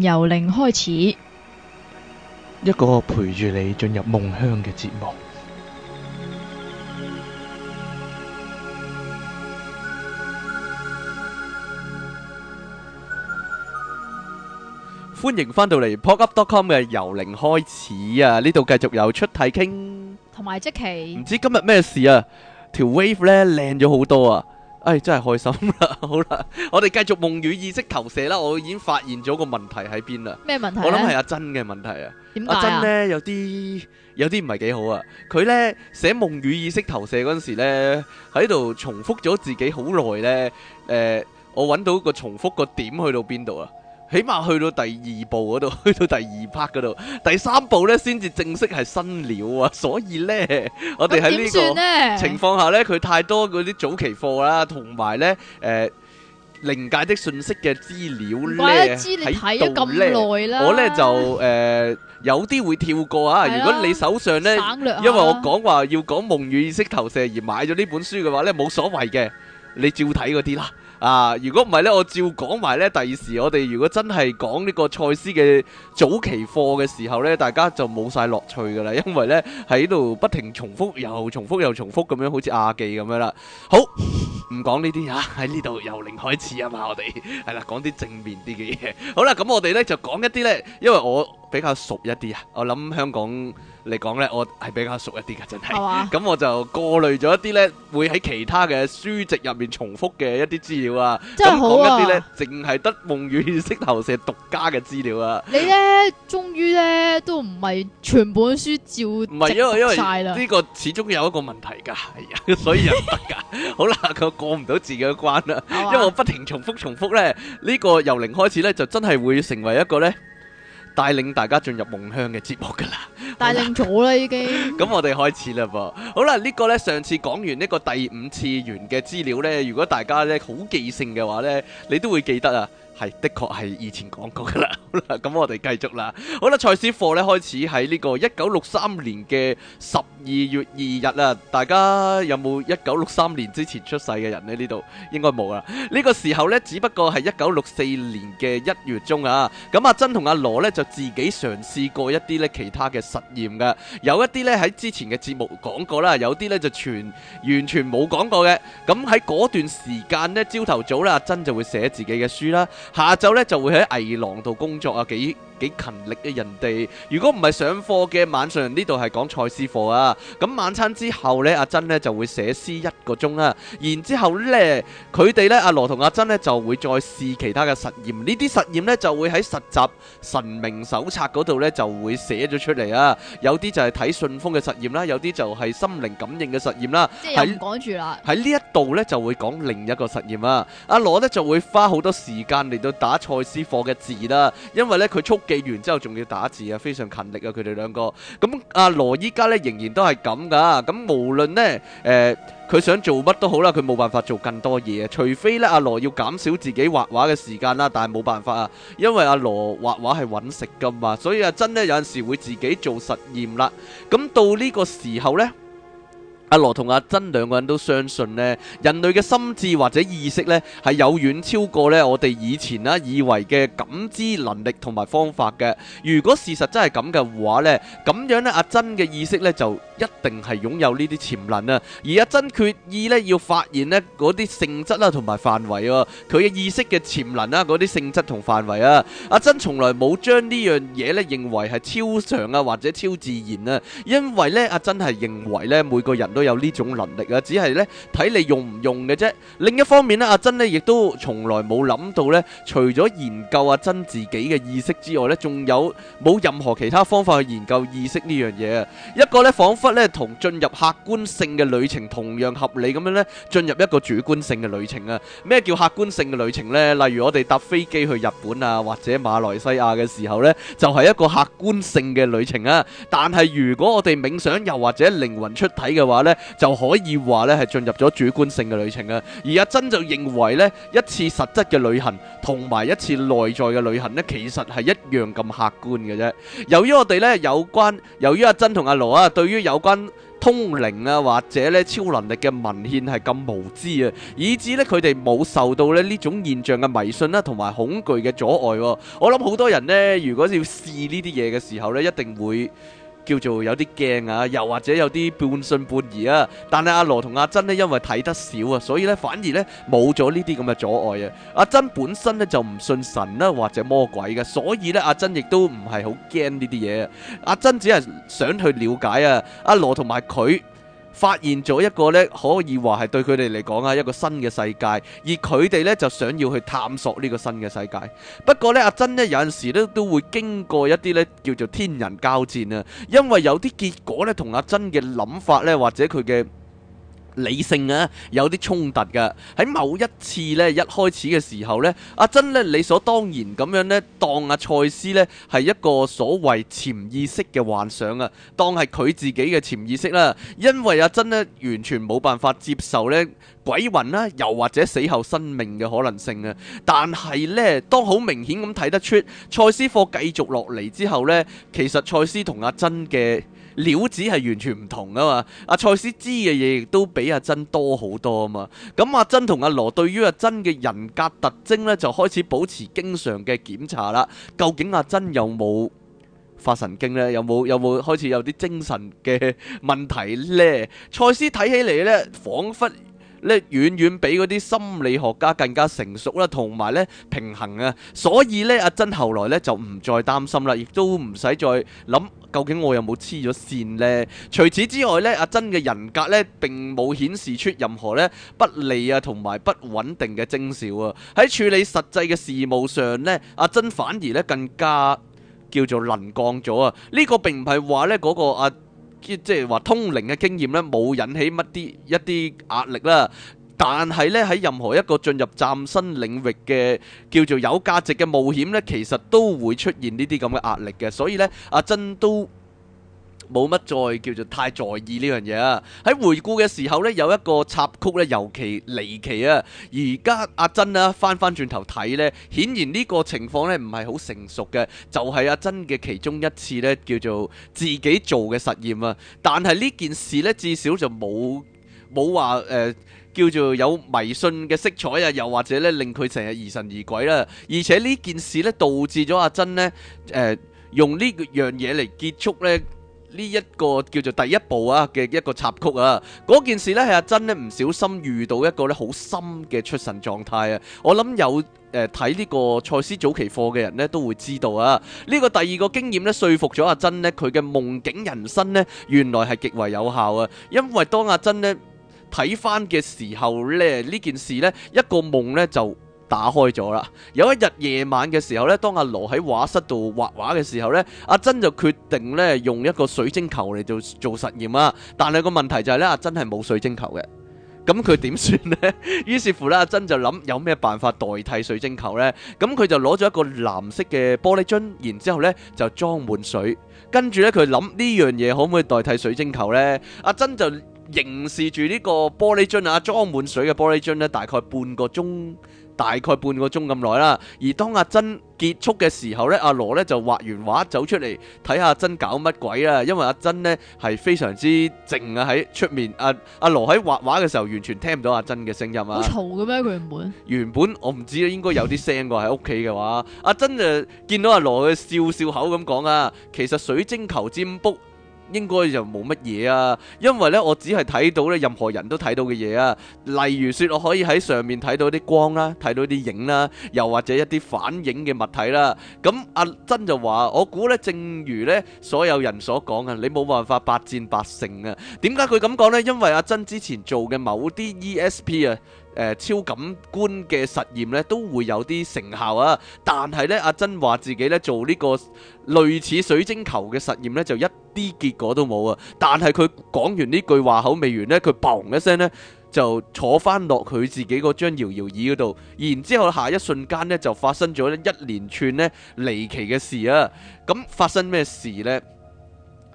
由零開始，一個陪住你進入夢鄉嘅節目。歡迎返到嚟 pocket.com 嘅由零開始啊！呢度繼續有出體傾，同埋即期，唔知今日咩事啊？條 wave 咧靚咗好多啊！唉、哎，真係開心啦！好啦，我哋繼續夢語意識投射啦。我已經發現咗個問題喺邊啦。咩問題？我諗係阿珍嘅問題啊。點解啊？阿珍呢，有啲有啲唔係幾好啊。佢呢，寫夢語意識投射嗰陣時呢，喺度重複咗自己好耐呢。誒、呃，我揾到個重複個點去到邊度啊？起碼去，去到第二部嗰度，去到第二 part 嗰度，第三部呢，先至正式係新料啊！所以呢，我哋喺呢個情況下呢，佢太多嗰啲早期貨啦，同埋呢，誒、呃，靈界的信息嘅資料呢，喺度咧，我呢就誒、呃、有啲會跳過啊！ 如果你手上呢，因為我講話要講夢與意識投射而買咗呢本書嘅話呢，冇所謂嘅，你照睇嗰啲啦。啊！如果唔係呢，我照講埋呢。第二時我哋如果真係講呢個賽斯嘅早期課嘅時候呢，大家就冇晒樂趣噶啦，因為呢，喺度不停重複又重複又重複咁樣，好似亞記咁樣啦。好，唔講呢啲啊，喺呢度由零開始啊嘛，我哋係 啦，講啲正面啲嘅嘢。好啦，咁我哋呢，就講一啲呢，因為我。比較熟一啲啊，我諗香港嚟講呢，我係比較熟一啲噶真係。咁、哦啊、我就過濾咗一啲呢，會喺其他嘅書籍入面重複嘅一啲資料啊。咁好、啊、一啲呢，淨係得夢與意識投射獨家嘅資料啊。你呢，終於呢，都唔係全本書照唔係是，因為因為呢個始終有一個問題噶，所以又唔得噶好啦佢過唔到自己嘅關啦。哦啊、因為我不停重複重複呢，呢、這個由零開始呢，就真係會成為一個，一個呢。帶領大家進入夢鄉嘅節目㗎啦，帶領咗啦已經、 嗯。咁我哋開始啦噃，好啦，呢、呢個呢，上次講完呢個第五次元嘅資料呢，如果大家呢，好記性嘅話呢，你都會記得啊。係的確係以前講過噶啦，好啦，咁 我哋繼續啦。好啦，賽斯課呢開始喺呢個一九六三年嘅十二月二日啦。大家有冇一九六三年之前出世嘅人咧？呢度應該冇啦。呢、呢個時候呢，只不過係一九六四年嘅一月中啊。咁阿珍同阿羅呢，就自己嘗試過一啲呢其他嘅實驗噶，有一啲呢喺之前嘅節目講過啦，有啲呢就全完全冇講過嘅。咁喺嗰段時間呢，朝頭早呢，阿、啊、珍就會寫自己嘅書啦。下晝咧就會喺偽廊度工作啊幾。幾勤力嘅人哋，如果唔係上課嘅晚上呢度係講賽斯課啊，咁晚餐之後呢，阿珍呢就會寫詩一個鐘啦、啊，然之後咧佢哋呢，阿羅同阿珍呢就會再試其他嘅實驗，實驗呢啲實驗呢就會喺實習神明手冊嗰度呢就會寫咗出嚟啊，有啲就係睇信封嘅實驗啦，有啲就係心靈感應嘅實驗啦，即係又唔講住啦，喺呢一度呢就會講另一個實驗啊，阿羅呢就會花好多時間嚟到打賽斯課嘅字啦、啊，因為呢佢速。記完之後仲要打字啊，非常勤力啊，佢哋兩個。咁阿羅依家咧仍然都係咁噶。咁無論呢，誒、呃，佢想做乜都好啦，佢冇辦法做更多嘢，除非咧阿羅要減少自己畫畫嘅時間啦。但係冇辦法啊，因為阿羅畫畫係揾食噶嘛，所以阿珍咧有陣時會自己做實驗啦。咁到呢個時候呢。阿羅同阿珍兩個人都相信咧，人類嘅心智或者意識咧係有遠超過咧我哋以前啦以為嘅感知能力同埋方法嘅。如果事實真係咁嘅話呢咁樣呢，阿珍嘅意識呢就一定係擁有呢啲潛能啊！而阿珍決意呢，要發現咧嗰啲性質啦同埋範圍喎，佢嘅意識嘅潛能啊、嗰啲性質同範圍啊！阿珍從來冇將呢樣嘢咧認為係超常啊或者超自然啊，因為呢，阿珍係認為呢，每個人都都有呢種能力啊，只係咧睇你用唔用嘅啫。另一方面咧，阿珍咧亦都從來冇諗到咧，除咗研究阿珍自己嘅意識之外咧，仲有冇任何其他方法去研究意識呢樣嘢啊？一個咧，仿佛咧同進入客觀性嘅旅程同樣合理咁樣咧，進入一個主觀性嘅旅程啊？咩叫客觀性嘅旅程咧？例如我哋搭飛機去日本啊，或者馬來西亞嘅時候咧，就係一個客觀性嘅旅程啊。但係如果我哋冥想又或者靈魂出體嘅話咧，就可以話咧係進入咗主觀性嘅旅程啊！而阿珍就認為咧，一次實質嘅旅行同埋一次內在嘅旅行咧，其實係一樣咁客觀嘅啫。由於我哋咧有關，由於阿珍同阿羅啊，對於有關通靈啊或者咧超能力嘅文獻係咁無知啊，以致咧佢哋冇受到咧呢種現象嘅迷信啦同埋恐懼嘅阻礙。我諗好多人咧，如果要試呢啲嘢嘅時候咧，一定會。叫做有啲驚啊，又或者有啲半信半疑啊。但係阿羅同阿珍呢，因為睇得少啊，所以咧反而咧冇咗呢啲咁嘅阻礙啊。阿珍本身咧就唔信神啦，或者魔鬼嘅，所以咧阿珍亦都唔係好驚呢啲嘢。阿珍只係想去了解啊，阿羅同埋佢。發現咗一個呢可以話係對佢哋嚟講啊，一個新嘅世界，而佢哋呢就想要去探索呢個新嘅世界。不過呢，阿珍呢有陣時呢都會經過一啲呢，叫做天人交戰啊，因為有啲結果呢同阿珍嘅諗法呢，或者佢嘅理性啊，有啲衝突㗎。喺某一次呢，一開始嘅時候呢，阿珍呢，理所當然咁樣呢，當阿賽斯呢，係一個所謂潛意識嘅幻想啊，當係佢自己嘅潛意識啦、啊。因為阿珍呢，完全冇辦法接受呢鬼魂啦、啊，又或者死後生命嘅可能性啊。但係呢，當好明顯咁睇得出賽斯課繼續落嚟之後呢，其實賽斯同阿珍嘅。料子係完全唔同啊嘛！阿、啊、賽斯知嘅嘢亦都比阿珍多好多啊嘛！咁、啊、阿珍同阿、啊、羅對於阿、啊、珍嘅人格特徵呢，就開始保持經常嘅檢查啦。究竟阿、啊、珍有冇發神經呢？有冇有冇開始有啲精神嘅問題呢？賽斯睇起嚟呢，彷彿，咧遠遠比嗰啲心理學家更加成熟啦，同埋咧平衡啊，所以咧阿珍後來咧就唔再擔心啦，亦都唔使再諗，究竟我有冇黐咗線呢。除此之外咧，阿珍嘅人格咧並冇顯示出任何咧不利啊同埋不穩定嘅徵兆啊。喺處理實際嘅事務上咧，阿珍反而咧更加叫做能幹咗啊。呢、這個並唔係話咧嗰個阿、啊。即即係話通靈嘅經驗呢，冇引起乜啲一啲壓力啦。但係呢，喺任何一個進入嶄新領域嘅叫做有價值嘅冒險呢，其實都會出現呢啲咁嘅壓力嘅。所以呢，阿珍都冇乜再叫做太在意呢樣嘢啊！喺回顧嘅時候呢，有一個插曲呢尤其離奇啊！而家阿珍呢，翻翻轉頭睇呢，顯然呢個情況呢唔係好成熟嘅，就係阿珍嘅其中一次呢叫做自己做嘅實驗啊。但係呢件事呢，至少就冇冇話誒叫做有迷信嘅色彩啊，又或者呢令佢成日疑神疑鬼啦。而且呢件事呢，導致咗阿珍呢誒、呃、用呢樣嘢嚟結束呢。呢一個叫做第一部啊嘅一個插曲啊，嗰件事呢係阿珍呢唔小心遇到一個呢好深嘅出神狀態啊！我諗有誒睇呢個賽斯早期課嘅人呢都會知道啊！呢、呢個第二個經驗呢，説服咗阿珍呢，佢嘅夢境人生呢原來係極為有效啊！因為當阿珍呢睇翻嘅時候呢，呢件事呢，一個夢呢就。打開咗啦。有一日夜晚嘅時候咧，當阿羅喺畫室度畫畫嘅時候咧，阿珍就決定咧用一個水晶球嚟做做實驗啊。但係個問題就係咧，阿珍係冇水晶球嘅，咁佢點算呢？於是乎咧，阿珍就諗有咩辦法代替水晶球呢？咁佢就攞咗一個藍色嘅玻璃樽，然之後咧就裝滿水，跟住咧佢諗呢樣嘢可唔可以代替水晶球呢？阿珍就凝視住呢個玻璃樽啊，裝滿水嘅玻璃樽咧，大概半個鐘。大概半個鐘咁耐啦，而當阿珍結束嘅時候呢，阿羅呢就畫完畫走出嚟睇下阿珍搞乜鬼啊！因為阿珍呢係非常之靜啊，喺出面。阿阿羅喺畫畫嘅時候完全聽唔到阿珍嘅聲音啊！好嘈嘅咩？佢原本原本我唔知咧，應該有啲聲喎。喺屋企嘅話， 阿珍就見到阿羅佢笑笑口咁講啊，其實水晶球占卜。應該就冇乜嘢啊，因為咧我只係睇到咧任何人都睇到嘅嘢啊，例如説我可以喺上面睇到啲光啦，睇到啲影啦，又或者一啲反映嘅物體啦。咁阿珍就話：我估咧，正如咧所有人所講啊，你冇辦法百戰百勝啊。點解佢咁講咧？因為阿珍之前做嘅某啲 ESP 啊，誒超感官嘅實驗咧，都會有啲成效啊。但係咧，阿珍話自己咧做呢個類似水晶球嘅實驗咧，就一啲結果都冇啊！但係佢講完呢句話口未完呢，佢嘣一聲呢，就坐返落佢自己嗰張搖搖椅嗰度，然之後下一瞬間呢，就發生咗一連串呢離奇嘅事啊！咁發生咩事呢？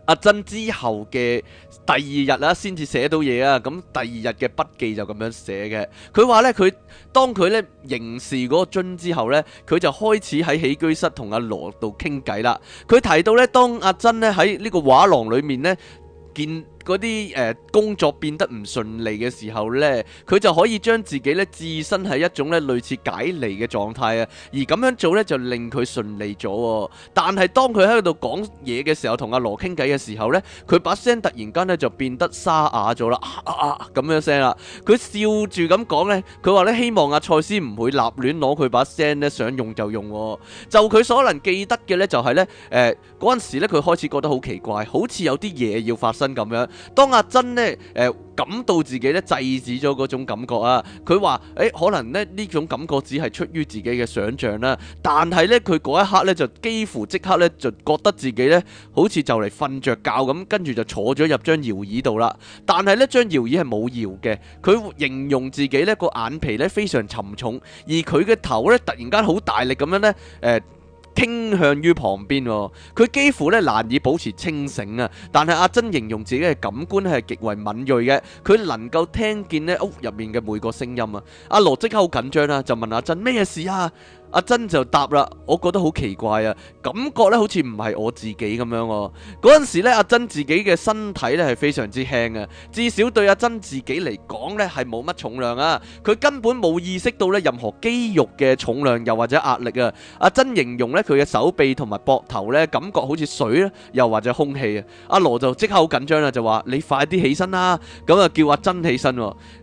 阿珍之後嘅第二日啦，先至寫到嘢啊！咁第二日嘅筆記就咁樣寫嘅。佢話呢，佢當佢呢凝視嗰樽之後呢，佢就開始喺起居室同阿羅度傾偈啦。佢提到呢，當阿珍呢喺呢個畫廊裏面呢見嗰啲誒工作變得唔順利嘅時候呢，佢就可以將自己呢置身喺一種呢類似解離嘅狀態啊，而咁樣做呢，就令佢順利咗。但係當佢喺度講嘢嘅時候，同阿羅傾偈嘅時候呢，佢把聲突然間呢就變得沙啞咗啦，啊咁、啊、樣、啊、聲啦。佢笑住咁講呢，佢話呢希望阿賽斯唔會立亂攞佢把聲呢，想用就用。就佢所能記得嘅呢、就係，就係呢誒嗰陣時咧，佢開始覺得好奇怪，好似有啲嘢要發生咁樣。當阿珍呢誒感到自己咧制止咗嗰種感覺啊，佢話誒可能咧呢種感覺只係出於自己嘅想象啦，但係呢，佢嗰一刻呢，就幾乎即刻呢，就覺得自己呢好似就嚟瞓着覺咁，跟住就坐咗入張搖椅度啦。但係呢張搖椅係冇搖嘅，佢形容自己呢個眼皮呢非常沉重，而佢嘅頭呢突然間好大力咁樣呢。誒、呃。傾向於旁邊，佢幾乎咧難以保持清醒啊！但係阿珍形容自己嘅感官係極為敏銳嘅，佢能夠聽見咧屋入面嘅每個聲音啊！阿羅即刻好緊張啊，就問阿珍咩事啊？阿珍就答啦，我覺得好奇怪啊，感覺咧好似唔係我自己咁樣喎。嗰陣時咧，阿珍自己嘅身體咧係非常之輕啊，至少對阿珍自己嚟講咧係冇乜重量啊。佢根本冇意識到咧任何肌肉嘅重量又或者壓力啊。阿珍形容咧佢嘅手臂同埋膊頭咧，感覺好似水咧，又或者空氣啊。阿羅就即刻好緊張啦，就話：你快啲起身啦！咁啊，叫阿珍起身。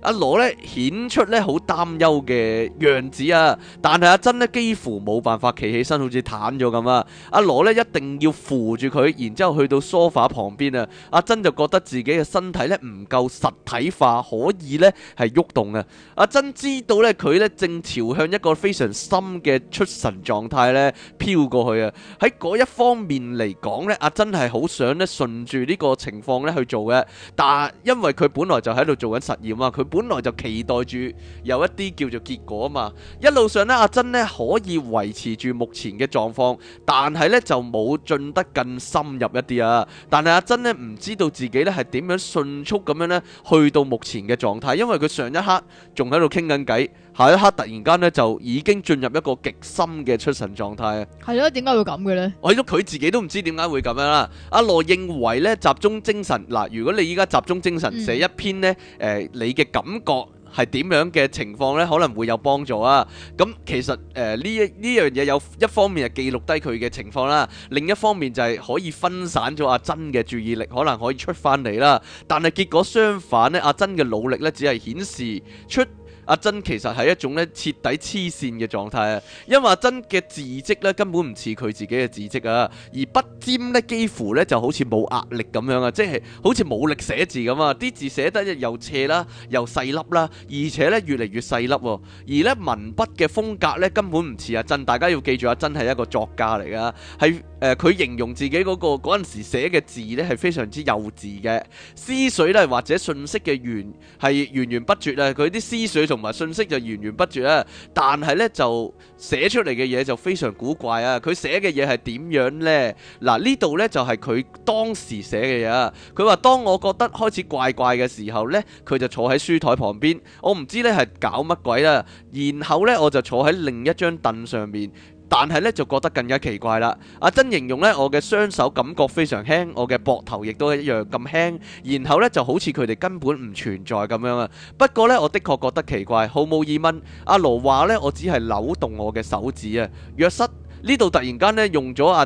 阿羅咧顯出咧好擔憂嘅樣子啊，但係阿珍呢……幾乎冇辦法企起身，好似癱咗咁啊！阿羅咧一定要扶住佢，然之後去到梳化旁邊啊！阿珍就覺得自己嘅身體咧唔夠實體化，可以咧係喐動啊！阿珍知道咧佢咧正朝向一個非常深嘅出神狀態咧飄過去啊！喺嗰一方面嚟講咧，阿珍係好想咧順住呢個情況咧去做嘅，但因為佢本來就喺度做緊實驗啊，佢本來就期待住有一啲叫做結果啊嘛！一路上咧，阿珍呢，咧好。可以維持住目前嘅狀況，但係咧就冇進得更深入一啲啊！但係阿珍咧唔知道自己咧係點樣迅速咁樣咧去到目前嘅狀態，因為佢上一刻仲喺度傾緊偈，下一刻突然間咧就已經進入一個極深嘅出神狀態啊！係啊，點解會咁嘅咧？我諗佢自己都唔知點解會咁樣啦。阿羅認為咧集中精神嗱，如果你依家集中精神寫一篇呢誒、呃，你嘅感覺。係點樣嘅情況咧？可能會有幫助啊！咁、嗯、其實誒呢呢樣嘢有一方面係記錄低佢嘅情況啦，另一方面就係可以分散咗阿珍嘅注意力，可能可以出翻嚟啦。但係結果相反呢，阿珍嘅努力呢，只係顯示出。阿珍其實係一種咧徹底黐線嘅狀態啊！因為阿珍嘅字跡咧根本唔似佢自己嘅字跡啊，而筆尖咧幾乎咧就好似冇壓力咁樣啊，即係好似冇力寫字咁啊！啲字寫得又斜啦，又細粒啦，而且咧越嚟越細粒喎。而咧文筆嘅風格咧根本唔似阿珍，大家要記住阿珍係一個作家嚟噶，係。誒佢、呃、形容自己嗰、那個嗰陣時寫嘅字呢係非常之幼稚嘅思緒呢，或者信息嘅源係源源不絕啊，佢啲思緒同埋信息就源源不絕啦，但係呢，就寫出嚟嘅嘢就非常古怪啊！佢寫嘅嘢係點樣呢？嗱呢度呢，就係、是、佢當時寫嘅嘢。佢話當我覺得開始怪怪嘅時候呢，佢就坐喺書枱旁邊，我唔知呢係搞乜鬼啦，然後呢，我就坐喺另一張凳上面。但係咧就覺得更加奇怪啦。阿珍形容呢，我嘅雙手感覺非常輕，我嘅膊頭亦都一樣咁輕。然後呢，就好似佢哋根本唔存在咁樣啊。不過呢，我的確覺得奇怪，毫無疑問。阿羅話呢，我只係扭動我嘅手指啊。約塞呢度突然間呢、啊，用咗阿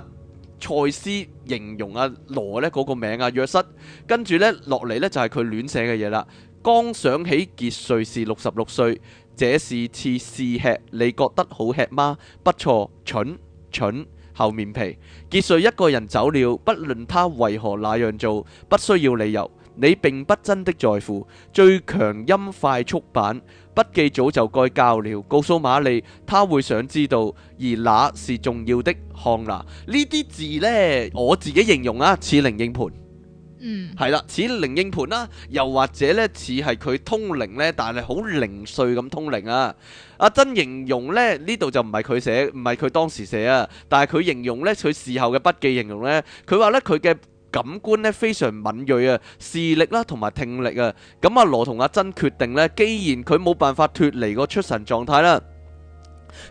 賽斯形容阿羅呢嗰個名啊。約塞跟住呢，落嚟呢，就係佢亂寫嘅嘢啦。剛想起傑瑞士六十六歲。這是次試吃，你覺得好吃嗎？不錯，蠢蠢厚面皮。傑瑞一個人走了，不論他為何那樣做，不需要理由。你並不真的在乎。最強音快速版筆記早就該交了。告訴瑪麗，他會想知道，而那是重要的。看啦呢啲字呢，我自己形容啊，似靈應盤。嗯，係啦，似靈應盤啦，啊，又或者咧似係佢通靈咧，但係好零碎咁通靈啊。阿珍形容呢，呢度就唔係佢寫，唔係佢當時寫啊，但係佢形容咧佢事後嘅筆記形容咧，佢話咧佢嘅感官咧非常敏銳啊，視力啦同埋聽力啊。咁阿羅同阿珍決定呢，既然佢冇辦法脫離個出神狀態啦，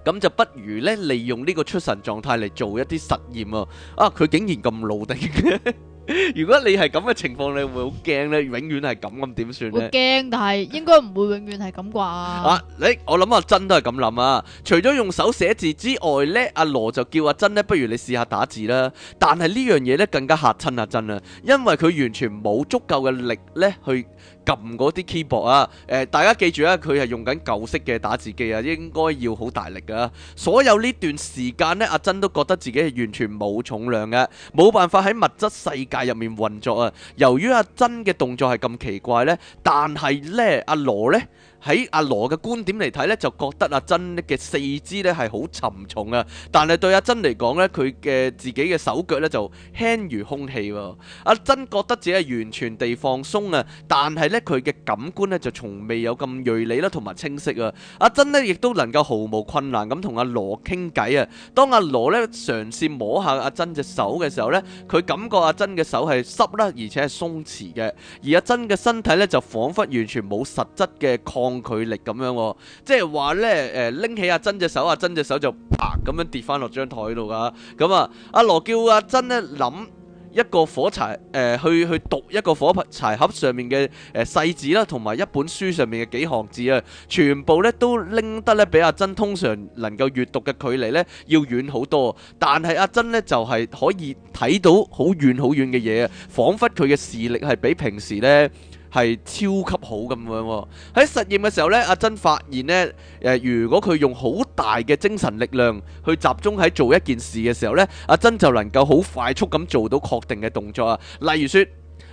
咁就不如咧利用呢個出神狀態嚟做一啲實驗啊！啊，佢竟然咁老定嘅。 如果你係咁嘅情況，你會唔會好驚呢？永遠係咁，咁點算咧？會驚，但係應該唔會永遠係咁啩。啊，你、欸、我諗阿珍都係咁諗啊。除咗用手寫字之外呢，阿羅、啊、就叫阿珍呢，不如你試下打字啦。但係呢樣嘢呢，更加嚇親阿珍啊，因為佢完全冇足夠嘅力呢去。撳嗰啲 keyboard 啊，誒，大家記住啊，佢係用緊舊式嘅打字機啊，應該要好大力噶。所有呢段時間呢，阿珍都覺得自己係完全冇重量嘅，冇辦法喺物質世界入面運作啊。由於阿珍嘅動作係咁奇怪呢，但係呢，阿羅呢。喺阿羅嘅觀點嚟睇呢，就覺得阿珍嘅四肢呢係好沉重啊！但係對阿珍嚟講呢，佢嘅自己嘅手腳呢就輕如空氣喎。阿珍覺得自己係完全地放鬆啊，但係呢佢嘅感官呢就從未有咁鋭利啦同埋清晰啊。阿珍呢亦都能夠毫無困難咁同阿羅傾偈啊。當阿羅呢嘗試摸下阿珍隻手嘅時候呢，佢感覺阿珍嘅手係濕啦，而且係鬆弛嘅，而阿珍嘅身體呢就彷彿完全冇實質嘅抗。距離咁樣，即係話呢，誒，拎起阿珍隻手，阿珍隻手就啪咁樣跌翻落張台度噶。咁啊，阿羅叫阿珍呢諗一個火柴，誒、呃，去去讀一個火柴盒上面嘅誒細字啦，同埋一本書上面嘅幾行字啊，全部呢都拎得呢比阿珍通常能夠閱讀嘅距離呢要遠好多。但係阿珍呢就係、是、可以睇到好遠好遠嘅嘢啊，仿佛佢嘅視力係比平時呢。係超級好咁樣喎！喺實驗嘅時候呢，阿珍發現呢，誒如果佢用好大嘅精神力量去集中喺做一件事嘅時候呢，阿珍就能夠好快速咁做到確定嘅動作啊！例如說，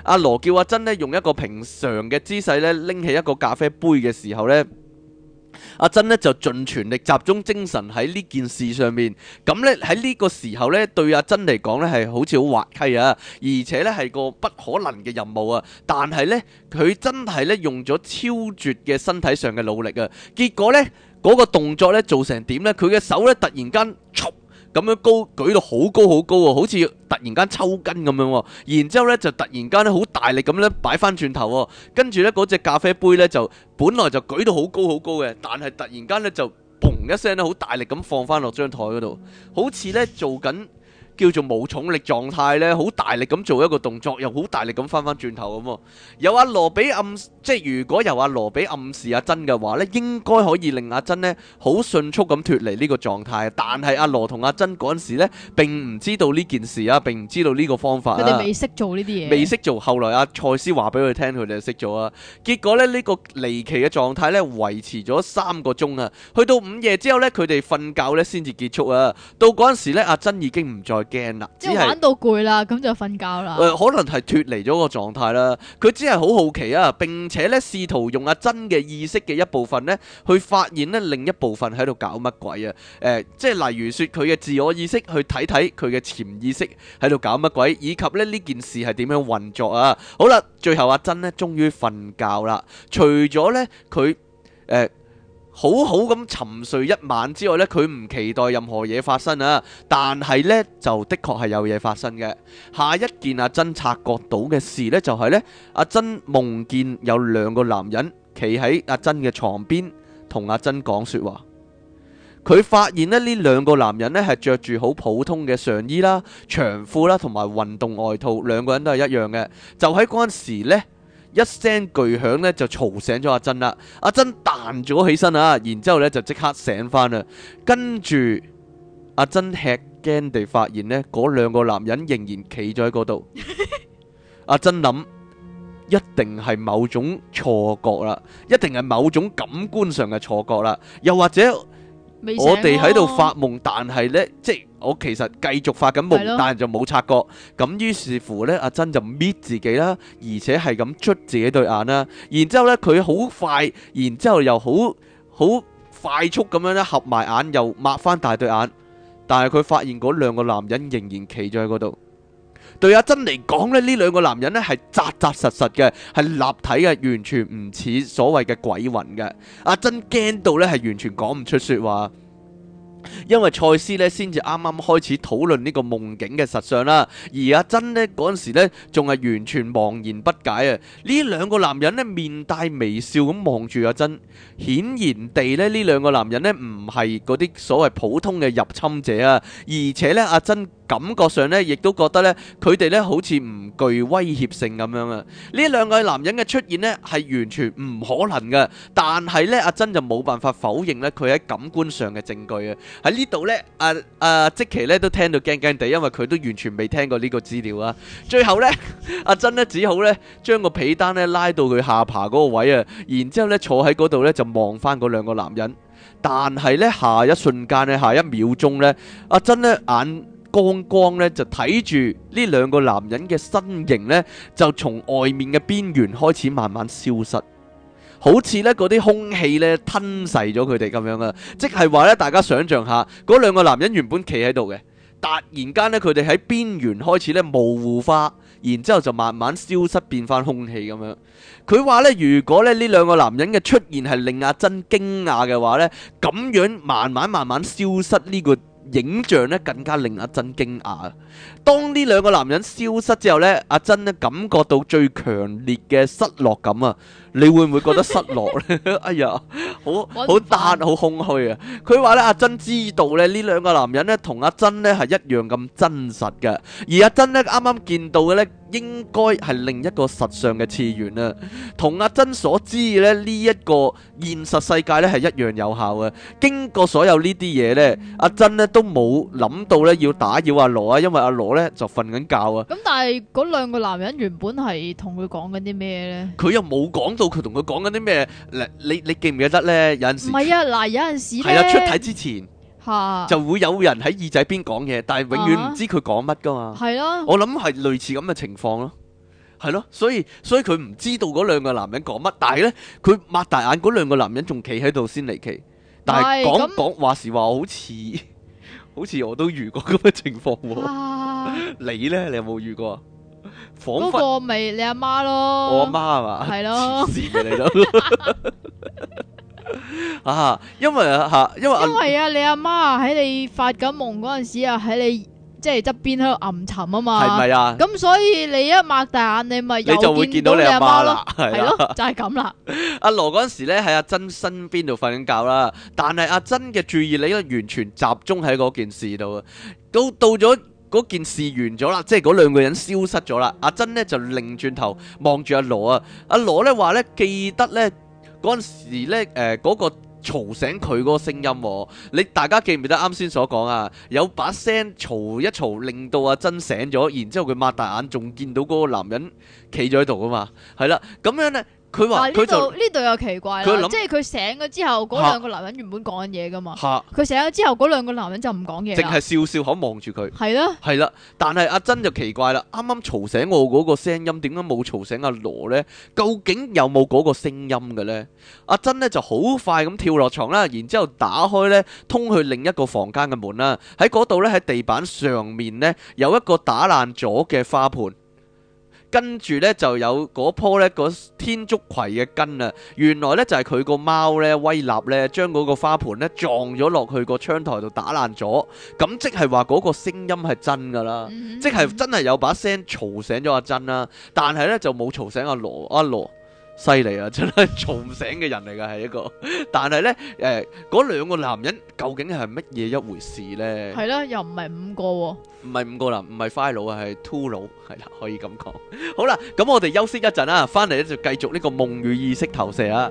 阿羅叫阿珍呢用一個平常嘅姿勢呢，拎起一個咖啡杯嘅時候呢。阿珍呢就盡全力集中精神喺呢件事上面，咁呢，喺呢個時候呢，對阿珍嚟講呢，係好似好滑稽啊，而且呢係個不可能嘅任務啊，但係呢，佢真係呢用咗超絕嘅身體上嘅努力啊，結果呢，嗰個動作呢做成點呢？佢嘅手呢突然間，咁樣高舉到好高好高啊，好似突然間抽筋咁樣，然之後咧就突然間咧好大力咁咧擺翻轉頭，跟住呢，嗰隻咖啡杯呢，就本來就舉到好高好高嘅，但係突然間呢，就砰一聲咧好大力咁放翻落張台嗰度，好似呢，做緊叫做無重力狀態呢，好大力咁做一個動作，又好大力咁翻翻轉頭咁啊！有阿羅比暗。即係如果由阿羅比暗示阿珍嘅話呢應該可以令阿珍呢好迅速咁脫離呢個狀態。但係阿羅同阿珍嗰陣時咧並唔知道呢件事啊，並唔知道呢個方法。佢哋未識做呢啲嘢。未識做，後來阿賽斯話俾佢聽，佢哋就識咗啊。結果呢，呢個離奇嘅狀態呢，維持咗三個鐘啊。去到午夜之後呢，佢哋瞓覺呢先至結束啊。到嗰陣時咧，阿珍已經唔再驚啦。即係玩到攰啦，咁就瞓覺啦。呃，可能係脫離咗個狀態啦。佢只係好好奇啊，而且咧試圖用阿珍嘅意識嘅一部分咧，去發現咧另一部分喺度搞乜鬼啊！誒、呃，即係例如說佢嘅自我意識去睇睇佢嘅潛意識喺度搞乜鬼，以及咧呢件事係點樣運作啊！好啦，最後阿珍呢終於瞓覺啦，除咗咧佢誒。好好咁沉睡一晚之外呢佢唔期待任何嘢發生啊！但係呢，就的確係有嘢發生嘅。下一件阿珍察覺到嘅事呢，就係、是、呢。阿珍夢見有兩個男人企喺阿珍嘅床邊，同阿珍講說話。佢發現呢呢兩個男人呢，係着住好普通嘅上衣啦、長褲啦同埋運動外套，兩個人都係一樣嘅。就喺嗰陣時呢。一聲巨響咧，就嘈醒咗阿珍啦。阿珍彈咗起身啊，然之後咧就即刻醒翻啦。跟住阿珍吃驚地發現咧，嗰兩個男人仍然企咗喺嗰度。阿珍諗，一定係某種錯覺啦，一定係某種感官上嘅錯覺啦，又或者。 我哋喺度發夢，但係呢，即我其實繼續發緊夢， 對但係就冇察覺。咁於是乎呢，阿珍就搣自己啦，而且係咁捽自己對眼啦。然之後呢，佢好快，然之後又好好快速咁樣咧合埋眼，又擘翻大對眼。但係佢發現嗰兩個男人仍然企咗喺嗰度。對阿珍嚟講咧，呢兩個男人咧係扎扎實實嘅，係立體嘅，完全唔似所謂嘅鬼魂嘅。阿珍驚到咧係完全講唔出說話。因為賽斯咧先至啱啱開始討論呢個夢境嘅實相啦，而阿珍咧嗰陣時咧仲係完全茫然不解啊！呢兩個男人咧面帶微笑咁望住阿珍，顯然地咧呢兩個男人咧唔係嗰啲所謂普通嘅入侵者啊，而且咧阿珍感覺上咧亦都覺得咧佢哋咧好似唔具威脅性咁樣啊！呢兩個男人嘅出現咧係完全唔可能嘅，但係咧阿珍就冇辦法否認咧佢喺感官上嘅證據啊！喺呢度、啊啊、呢，阿阿即奇呢都聽到驚驚地，因為佢都完全未聽過呢個資料啊。最後呢，阿、啊、珍呢只好呢將個被單呢拉到佢下巴嗰個位啊，然之後咧坐喺嗰度呢就望翻嗰兩個男人。但係呢，下一瞬間呢，下一秒鐘呢，阿、啊、珍呢眼光光呢就睇住呢兩個男人嘅身形呢，就從外面嘅邊緣開始慢慢消失。好似呢嗰啲空氣呢吞噬咗佢哋咁樣啊，即係話咧，大家想像下嗰兩個男人原本企喺度嘅，突然間呢，佢哋喺邊緣開始咧模糊化，然之後就慢慢消失變返空氣咁樣。佢話呢，如果咧呢兩個男人嘅出現係令阿珍驚訝嘅話呢，咁樣慢慢慢慢消失呢個影像呢，更加令阿珍驚訝。當呢兩個男人消失之後呢，阿珍咧感覺到最強烈嘅失落感啊！你會唔會覺得失落咧？ 哎呀，好好笪，好空虛啊！佢話咧，阿珍知道咧呢兩個男人呢，同阿珍呢係一樣咁真實嘅，而阿珍呢，啱啱見到嘅呢，應該係另一個實相嘅次元啊。同阿珍所知嘅咧呢一個現實世界呢，係一樣有效嘅。經過所有呢啲嘢呢，阿珍呢都冇諗到呢，要打擾阿羅啊，因為。阿羅咧就瞓緊覺啊！咁但係嗰兩個男人原本係同佢講緊啲咩咧？佢又冇講到佢同佢講緊啲咩？你你，你記唔記得咧？有陣時唔係啊！嗱、啊，有陣時係啦、啊，出體之前吓、啊、就會有人喺耳仔邊講嘢，但係永遠唔知佢講乜噶嘛。係咯、啊，我諗係類似咁嘅情況咯，係咯、啊啊，所以所以佢唔知道嗰兩個男人講乜，但係咧佢擘大眼，嗰兩個男人仲企喺度先離奇，但係講講話時話、啊、好似。好好似我都遇過咁嘅情況喎、哦，啊、 你咧，你有冇遇過？仿佛未，你阿媽咯，我阿媽係嘛，係咯，前世嚟咯。啊，因為啊，因為因為啊，啊啊你阿媽喺你發緊夢嗰陣時啊，喺你。即係側邊喺度暗沉啊嘛，係咪啊？咁所以你一擘大眼，你咪就會見到你阿媽咯，係咯，就係咁啦。阿羅嗰陣時咧，喺阿珍身邊度瞓緊覺啦，但係阿珍嘅注意力咧，完全集中喺嗰件事度。到到咗嗰件事完咗啦，即係嗰兩個人消失咗啦。阿珍咧就擰轉頭望住阿羅啊，阿羅咧話咧記得咧嗰陣時咧誒嗰個。嘈醒佢嗰個聲音，你大家記唔記得啱先所講啊？有把聲嘈一嘈，令到阿珍醒咗，然之後佢擘大眼仲見到嗰個男人企咗喺度啊嘛，係啦，咁樣呢。佢話佢就呢度、啊、又奇怪啦，即係佢醒咗之後，嗰兩個男人原本講緊嘢噶嘛，佢、啊、醒咗之後，嗰兩個男人就唔講嘢，淨係笑笑口望住佢，係咯的，係啦。但係阿珍就奇怪啦，啱啱嘈醒我嗰個聲音點解冇嘈醒阿羅呢？究竟有冇嗰個聲音嘅呢？阿珍呢就好快咁跳落床啦，然之後打開呢，通去另一個房間嘅門啦，喺嗰度呢，喺地板上面呢，有一個打爛咗嘅花盆。跟住呢就有嗰棵呢天竺葵嘅根啊，原來呢就係佢個貓呢威立呢將嗰個花盆呢撞咗落去個窗台度打爛咗，咁即係話嗰個聲音係真㗎啦，即係真係、嗯嗯、有把聲嘈醒咗阿珍啦，但係呢就冇嘈醒阿羅阿羅。犀利啊，真係嘈醒嘅人嚟噶，係一個。但係咧，誒、呃，嗰兩個男人究竟係乜嘢一回事咧？係啦，又唔係五個、哦，唔係五個男啦，唔係 file 啊，係 two 佬，係啦，可以咁講。 好啦，咁我哋休息一陣啊，翻嚟咧就繼續呢個夢與意識投射啊。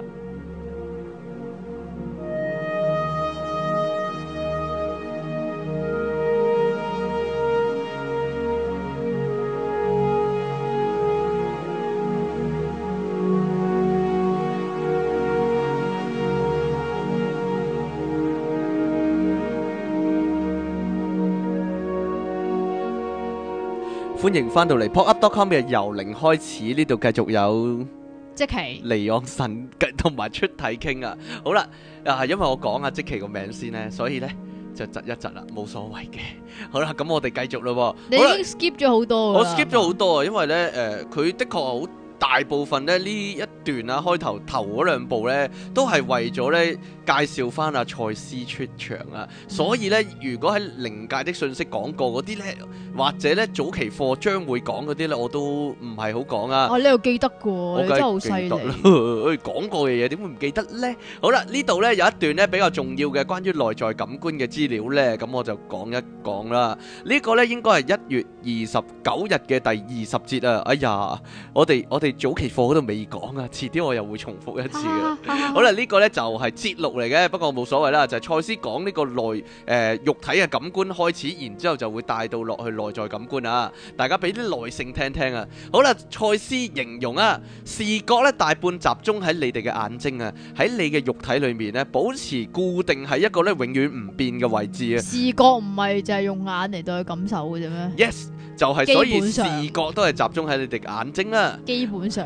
歡迎翻到嚟，popup.com 嘅由零開始，呢度繼續有即琪、黎昂神同埋出體傾啊！好啦，又係因為我講阿即琪個名先咧，所以咧就窒一窒啦，冇所謂嘅。好啦，咁我哋繼續咯。你已經 skip 咗好多，我 skip 咗好多啊！因為咧，誒，佢的確好。大部分咧呢一段啊，開頭頭嗰兩部咧，都係為咗咧介紹翻阿賽斯出場啊。所以咧，如果喺靈界的訊息講過嗰啲咧，或者咧早期課將會講嗰啲咧，我都唔係好講啊。哦，你又記得嘅喎，你真係好犀利。講過嘅嘢點會唔記得咧？好啦，呢度咧有一段咧比較重要嘅關於內在感官嘅資料咧，咁我就講一講啦。呢個咧應該係一月二十九日嘅第二十節啊。哎呀，我哋我哋。早期課嗰度未講啊，遲啲我又會重複一次嘅。啊啊、 好啦，呢、這個呢就係節錄嚟嘅，不過冇所謂啦。就係、是、賽斯講呢個內誒、呃、肉體嘅感官開始，然之後就會帶到落去內在感官啊。大家俾啲耐性聽聽啊。好啦，賽斯形容啊，視覺呢大半集中喺你哋嘅眼睛啊，喺你嘅肉體裏面呢，保持固定喺一個呢永遠唔變嘅位置啊。視覺唔係就係用眼嚟對佢感受嘅啫咩？Yes，就係，所以本視覺都係集中喺你哋眼睛啦、啊。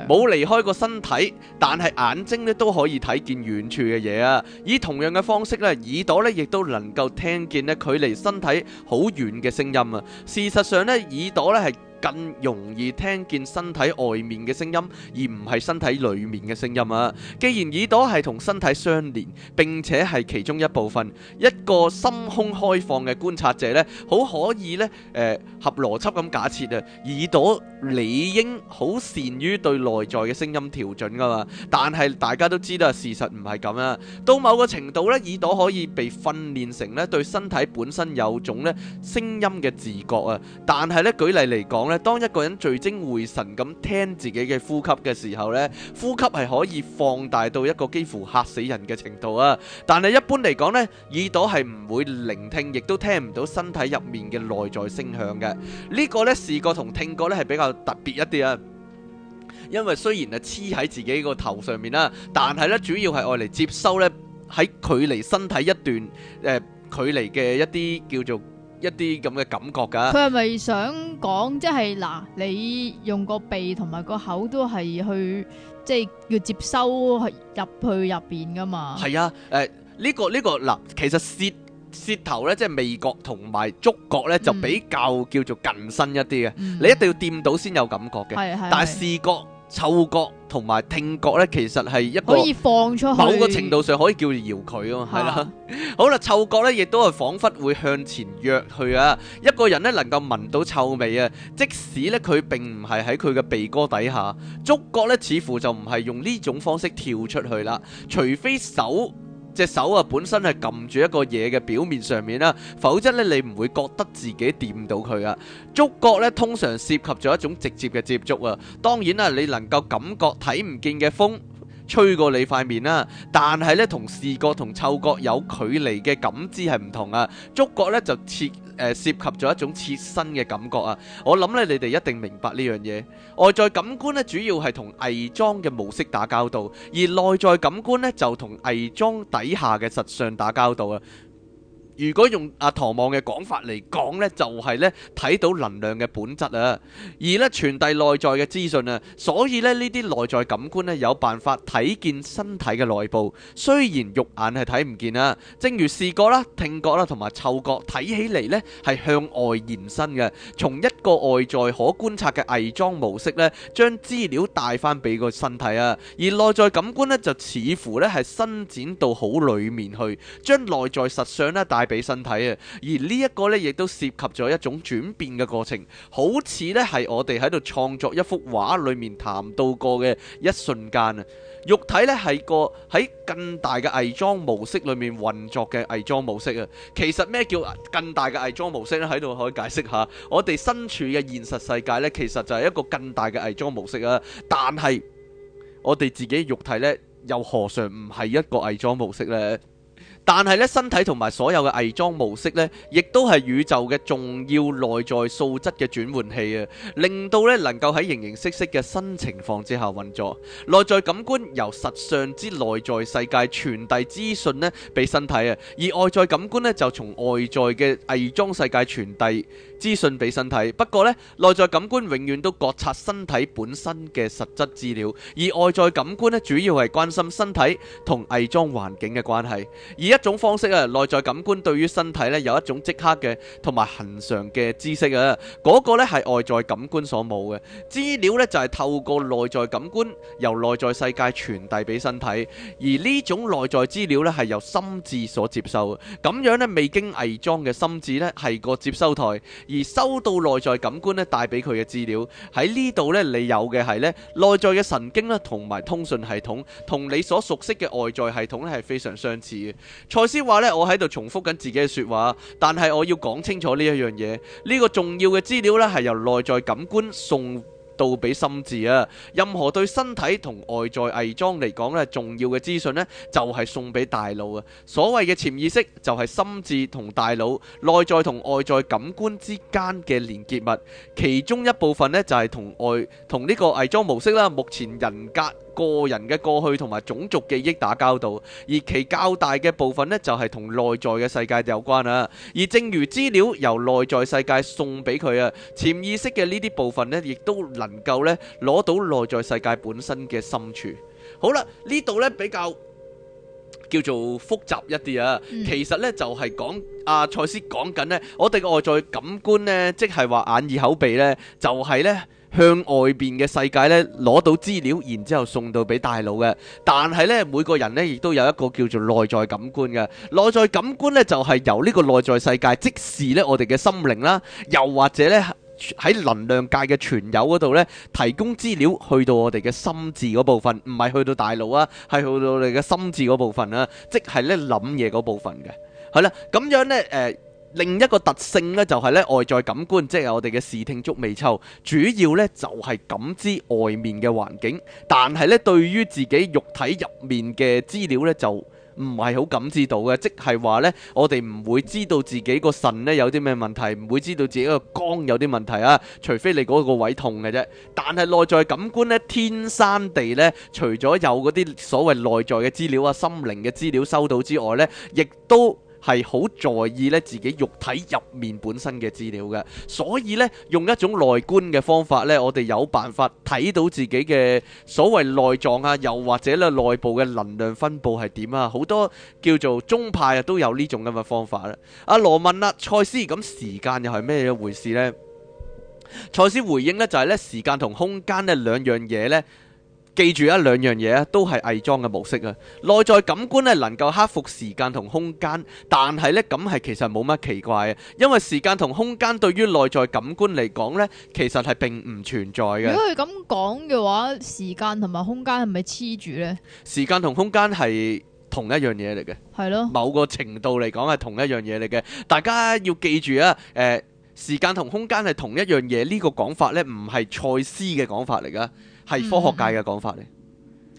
冇離開過身體，但係眼睛咧都可以睇見遠處嘅嘢啊！以同樣嘅方式咧，耳朵咧亦都能夠聽見咧距離身體好遠嘅聲音啊！事實上咧，耳朵咧係，更容易聽見身體外面嘅聲音，而唔係身體裡面嘅聲音啊！既然耳朵係同身體相連並且係其中一部分，一個心胸開放嘅觀察者咧，好可以咧誒合邏輯咁假設啊，耳朵理應好善於對內在嘅聲音調準噶嘛。但係大家都知道啊，事實唔係咁啊。到某個程度咧，耳朵可以被訓練成咧對身體本身有種咧聲音嘅自覺啊。但係咧，舉例嚟講咧。當一個人聚精會神咁聽自己嘅呼吸嘅時候咧，呼吸係可以放大到一個幾乎吓死人嘅程度啊！但係一般嚟講咧，耳朵係唔會聆聽，亦都聽唔到身體入面嘅內在聲響嘅。呢個咧，視覺同聽覺咧係比較特別一啲啊！因為雖然係黐喺自己個頭上面啦，但係咧主要係愛嚟接收咧喺距離身體一段誒距離嘅一啲叫做。一啲咁嘅感覺噶，佢係咪想講即係嗱？你用個鼻同埋個口都係去即係要接收入去入邊噶嘛？係啊，誒呢個呢個嗱，其實舌舌頭咧，即係味覺同埋觸覺咧，就比較叫做近身一啲嘅，你一定要掂到先有感覺嘅。係係，但係視覺。嗅覺同埋聽覺咧，其實係一個可以放出去嘅，某個程度上可以叫搖佢啊，嘛，係啦。好啦，嗅覺咧，亦都係仿佛會向前躍去啊。一個人咧能夠聞到臭味啊，即使咧佢並唔係喺佢嘅鼻哥底下，觸覺咧似乎就唔係用呢種方式跳出去啦，啊，除非手。隻手啊，本身係撳住一個嘢嘅表面上面啦，否則咧你唔會覺得自己掂到佢啊。觸覺咧通常涉及咗一種直接嘅接觸啊，當然啦，你能夠感覺睇唔見嘅風吹過你塊面啦，但係咧同視覺同嗅覺有距離嘅感知係唔同啊。觸覺咧就切，涉及咗一種切身嘅感覺啊！我諗咧，你哋一定明白呢樣嘢。外在感官咧，主要係同偽裝嘅模式打交道，而內在感官咧，就同偽裝底下嘅實相打交道啊！如果用阿唐望嘅講法嚟講咧，就係咧睇到能量嘅本質啊，而咧傳遞內在嘅資訊啊，所以咧呢啲內在感官咧有辦法睇見身體嘅內部，雖然肉眼係睇唔見啊。正如視覺啦、聽覺啦同埋嗅覺，睇起嚟咧係向外延伸嘅，從一個外在可觀察嘅偽裝模式咧，將資料帶翻俾個身體啊。而內在感官咧就似乎咧係伸展到好裡面去，將內在實相咧帶俾身體啊，而呢一個呢，亦都涉及咗一種轉變嘅過程，好似呢，係我哋喺度創作一幅畫裏面談到過嘅一瞬間啊。肉體呢，係個喺更大嘅偽裝模式裏面運作嘅偽裝模式啊。其實咩叫更大嘅偽裝模式呢？喺度可以解釋下，我哋身處嘅現實世界呢，其實就係一個更大嘅偽裝模式啊。但係我哋自己肉體呢，又何嘗唔係一個偽裝模式呢？但係咧，身體同埋所有嘅偽裝模式，呢亦都係宇宙嘅重要內在素質嘅轉換器啊，令到呢能夠喺形形色色嘅新情況之下運作。內在感官由實相之內在世界傳遞資訊，呢俾身體啊，而外在感官呢就從外在嘅偽裝世界傳遞資訊俾身體，不過咧，內在感官永遠都覺察身體本身嘅實質資料，而外在感官咧主要係關心身體同偽裝環境嘅關係。以一種方式啊，內在感官對於身體咧有一種即刻嘅同埋恆常嘅知識啊，嗰個咧係外在感官所冇嘅資料咧，就係透過內在感官由內在世界傳遞俾身體，而呢種內在資料咧係由心智所接受。咁樣咧，未經偽裝嘅心智咧係個接收台。而收到內在感官咧帶俾佢嘅資料喺呢度咧，你有嘅係咧內在嘅神經啦，同埋通訊系統，同你所熟悉嘅外在系統咧係非常相似嘅。賽斯話咧，我喺度重複緊自己嘅説話，但係我要講清楚呢一樣嘢，呢、呢個重要嘅資料咧係由內在感官送到俾心智啊！任何對身體同外在偽裝嚟講咧，重要嘅資訊呢，就係送俾大腦啊！所謂嘅潛意識就係心智同大腦內在同外在感官之間嘅連結物，其中一部分呢，就係同外同呢個偽裝模式啦。目前人格，個人嘅過去同埋種族記憶打交道，而其較大嘅部分呢就係同內在嘅世界有關啊。而正如資料由內在世界送俾佢啊，潛意識嘅呢啲部分呢，亦都能夠呢攞到內在世界本身嘅深處。好啦，呢度呢比較叫做複雜一啲啊。其實呢就係講阿賽斯講緊呢，我哋嘅外在感官呢，即係話眼耳口鼻呢，就係呢。向外邊嘅世界呢，攞到資料，然之後送到俾大腦嘅。但係呢，每個人呢，亦都有一個叫做內在感官嘅。內在感官呢，就係、是、由呢個內在世界，即係呢我哋嘅心靈啦、啊，又或者呢喺能量界嘅存有嗰度呢，提供資料去到我哋嘅心智嗰部分，唔係去到大腦啊，係去到我哋嘅心智嗰部分啊，即係呢諗嘢嗰部分嘅。係、嗯、啦，咁樣呢。誒、呃。另一個特性咧就係咧外在感官，即係我哋嘅視聽觸味嗅，主要咧就係感知外面嘅環境。但係咧對於自己肉體入面嘅資料咧就唔係好感知到嘅，即係話咧我哋唔會知道自己個腎咧有啲咩問題，唔會知道自己個肝有啲問題啊。除非你嗰個位痛嘅啫。但係內在感官咧天生地咧，除咗有嗰啲所謂內在嘅資料啊、心靈嘅資料收到之外咧，亦都。係好在意呢自己肉體入面本身嘅資料嘅，所以呢，用一種內觀嘅方法呢，我哋有辦法睇到自己嘅所謂內臟啊，又或者呢內部嘅能量分布係點啊，好多叫做宗派啊都有呢種咁嘅方法啦。阿羅問啦，賽斯，咁時間又係咩一回事呢？賽斯回應呢，就係呢，時間同空間呢兩樣嘢呢。記住一兩樣嘢啊，都係偽裝嘅模式啊。內在感官係能夠克服時間同空間，但係咧咁係其實冇乜奇怪啊。因為時間同空間對於內在感官嚟講咧，其實係並唔存在嘅。如果佢咁講嘅話，時間同埋空間係咪黐住咧？時間同空間係同一樣嘢嚟嘅，係咯的。某個程度嚟講係同一樣嘢嚟嘅。大家要記住啊，誒、呃，時間同空間係同一樣嘢、這個、呢個講法咧，唔係賽斯嘅講法嚟㗎。係科學界嘅講法嚟，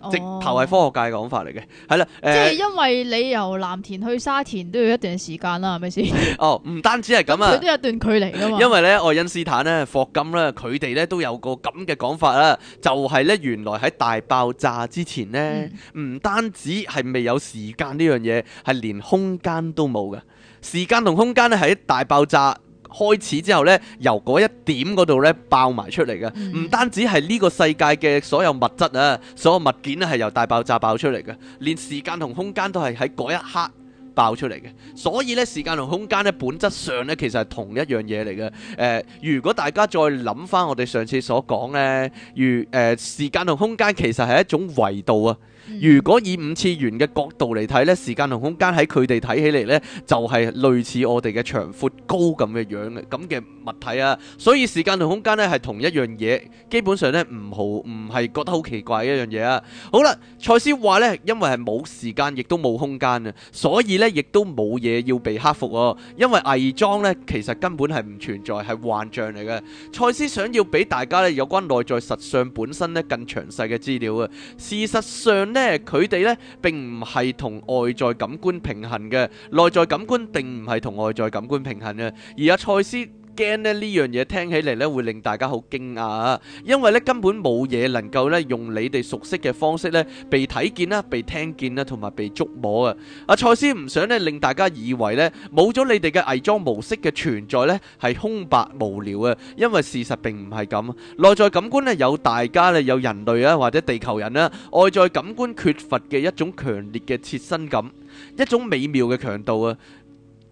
嗯、直頭係科學界嘅講法嚟嘅，係啦、哦，了即係因為你由藍田去沙田都要一段時間啦，係咪先？ 哦，唔單止係咁啊，佢都有一段距離噶嘛。因為咧，愛因斯坦咧、霍金咧，佢哋咧都有個咁嘅講法啦，就係、是、咧，原來喺大爆炸之前咧，唔、嗯、單止係未有時間呢樣嘢，係連空間都冇嘅。時間同空間咧，喺大爆炸，開始之後呢，由嗰一點嗰度呢，爆埋出嚟嘅，唔單止係呢個世界嘅所有物質啊，所有物件啊係由大爆炸爆出嚟嘅，連時間同空間都係喺嗰一刻爆出嚟嘅，所以呢，時間同空間呢，本質上呢其實係同一樣嘢嚟嘅。誒、呃，如果大家再諗翻我哋上次所講呢，如誒、呃、時間同空間其實係一種維度啊。如果以五次元嘅角度嚟睇咧，時間同空間喺佢哋睇起嚟咧，就係類似我哋嘅長闊高咁嘅樣嘅咁嘅物體啊。所以時間同空間咧係同一樣嘢，基本上咧唔好唔係覺得好奇怪嘅一樣嘢啊。好啦，賽斯話咧，因為係冇時間，亦都冇空間啊，所以咧亦都冇嘢要被克服哦。因為偽裝咧，其實根本係唔存在，係幻象嚟嘅。賽斯想要俾大家咧有關內在實相本身咧更詳細嘅資料啊。事實上，咧，佢哋咧並唔係同外在感官平衡嘅。內在感官並唔係同外在感官平衡嘅，而阿賽斯。驚咧呢樣嘢聽起嚟咧會令大家好驚訝啊！因為咧根本冇嘢能夠咧用你哋熟悉嘅方式咧被睇見啦、被聽見啦、同埋被捉摸啊！阿賽斯唔想咧令大家以為咧冇咗你哋嘅偽裝模式嘅存在咧係空白無聊啊！因為事實並唔係咁，內在感官咧有大家咧有人類啊或者地球人啦，外在感官缺乏嘅一種強烈嘅切身感，一種美妙嘅強度啊！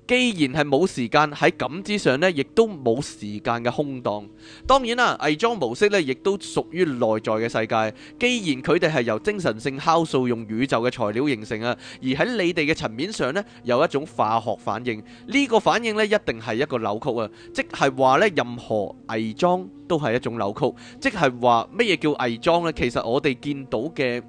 既然係冇時間，喺感知上呢亦都冇時間嘅空檔。當然啦，偽裝模式呢亦都屬於內在嘅世界。既然佢哋係由精神性酵素用宇宙嘅材料形成啊，而喺你哋嘅層面上呢，有一種化學反應。呢個反應呢一定係一個扭曲啊！即係話呢，任何偽裝都係一種扭曲。即係話咩嘢叫偽裝呢？其實我哋見到嘅。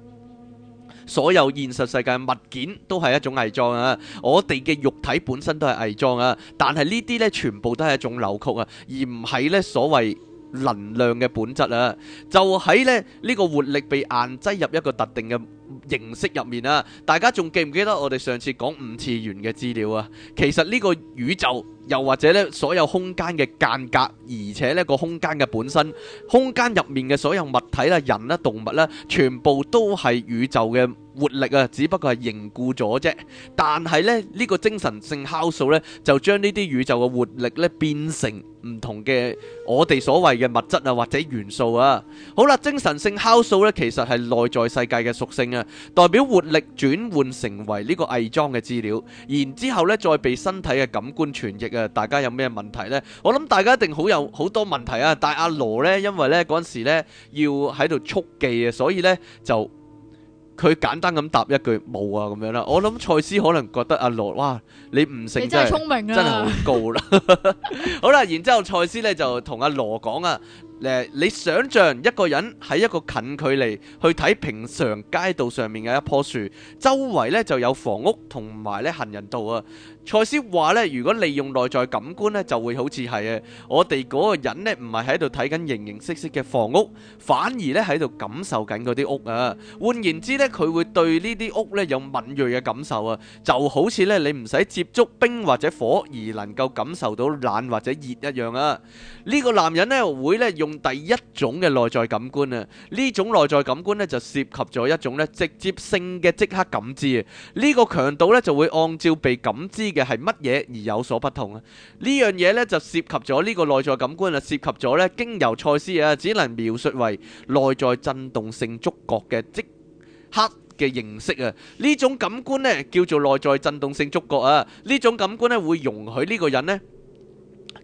所有現實世界物件都係一種偽裝啊！我哋嘅肉體本身都係偽裝啊，但係呢啲呢全部都係一種扭曲啊，而唔係呢所謂能量嘅本質啊，就喺呢呢個活力被硬擠入一個特定嘅形式入面啊，大家仲記唔記得我哋上次講五次元嘅資料啊？其實呢個宇宙又或者咧所有空間嘅間隔，而且咧個空間嘅本身，空間入面嘅所有物體啦、人啦、動物啦，全部都係宇宙嘅活力啊，只不過係凝固咗啫。但係咧呢個精神性酵素咧，就將呢啲宇宙嘅活力咧變成唔同嘅我哋所謂嘅物質啊或者元素啊。好啦，精神性酵素咧其實係內在世界嘅屬性啊。代表活力轉換成為呢個偽裝嘅資料，然之後呢再被身體嘅感官傳譯啊！大家有咩問題呢？我諗大家一定好有好多問題啊！但阿羅呢，因為呢嗰陣時呢要喺度速記啊，所以呢，就佢簡單咁答一句冇啊咁樣啦。我諗賽斯可能覺得阿羅哇，你悟性真係聰明啊，真係 好高啦！好啦，然之後賽斯呢就同阿羅講啊。你想象一個人喺一個近距離去睇平常街道上面嘅一棵樹，周圍呢就有房屋同埋咧行人道啊。賽斯話咧，如果利用內在感官咧，就會好似係啊，我哋嗰個人咧，唔係喺度睇緊形形色色嘅房屋，反而咧喺度感受緊嗰啲屋啊。換言之咧，佢會對呢啲屋咧有敏鋭嘅感受啊，就好似咧你唔使接觸冰或者火而能夠感受到冷或者熱一樣啊。呢個男人咧會咧用第一種嘅內在感官啊，呢種內在感官咧就涉及咗一種咧直接性嘅即刻感知啊。呢個強度咧就會按照被感知嘅係乜嘢而有所不同啊？呢樣嘢咧就涉及咗呢個內在感官啦，涉及咗咧經由賽斯啊，只能描述為內在震動性觸覺嘅即刻嘅形式啊！呢種感官咧叫做內在震動性觸覺啊！呢種感官咧會容許呢個人咧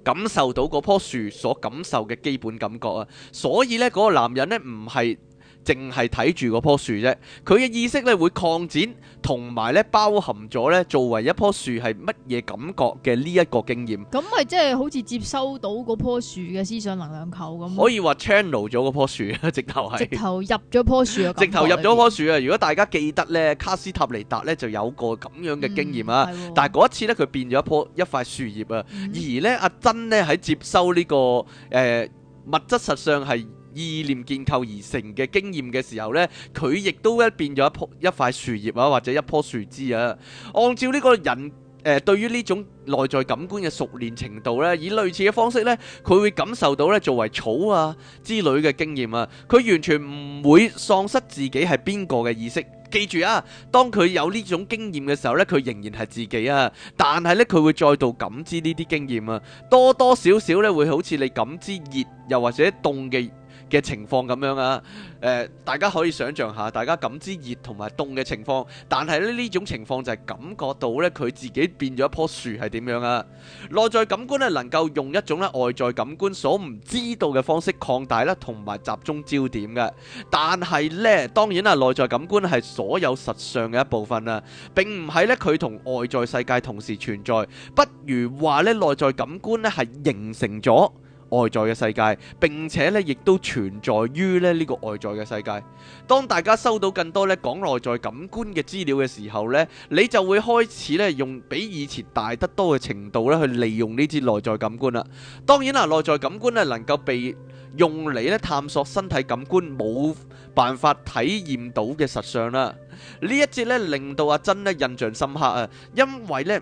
感受到嗰樖樹所感受嘅基本感覺啊！所以咧嗰個男人咧唔係。淨係睇住嗰棵樹啫，佢嘅意識咧會擴展，同埋咧包含咗咧作為一棵樹係乜嘢感覺嘅呢一個經驗。咁咪即係好似接收到嗰棵樹嘅思想能量球咁。可以話 channel 咗嗰棵樹直頭係。直頭入咗棵樹直頭入咗棵樹啊！如果大家記得咧，卡斯塔尼達咧就有個咁樣嘅經驗啊，嗯、但係嗰一次咧佢變咗一棵一塊樹葉啊，嗯、而咧阿珍咧喺接收呢、呢個誒、呃、物質實上係。意念建構而成嘅經驗嘅時候咧，佢亦都一變咗一棵一塊樹葉啊，或者一樖樹枝啊。按照呢個人誒對於呢種內在感官嘅熟練程度咧，以類似嘅方式咧，佢會感受到咧作為草啊之類嘅經驗啊。佢完全唔會喪失自己係邊個嘅意識。記住啊，當佢有呢種經驗嘅時候咧，佢仍然係自己啊。但係咧，佢會再度感知呢啲經驗啊，多多少少咧會好似你感知熱又或者凍嘅。嘅情況咁樣啊，誒大家可以想象下，大家感知熱同埋凍嘅情況，但係咧呢種情況就係感覺到咧佢自己變咗一棵樹係點樣啊？內在感官咧能夠用一種咧外在感官所唔知道嘅方式擴大啦，同埋集中焦點嘅。但係咧當然啊，內在感官係所有實相嘅一部分啊，並唔係咧佢同外在世界同時存在。不如話咧內在感官咧係形成咗。外在嘅世界，並且咧亦都存在於咧呢個外在嘅世界。當大家收到更多咧講內在感官嘅資料嘅時候呢，你就會開始咧用比以前大得多嘅程度咧去利用呢啲內在感官啦。當然啦，內在感官咧能夠被用嚟咧探索身體感官冇辦法體驗到嘅實相啦。呢一節咧，令到阿珍咧印象深刻啊，因為呢。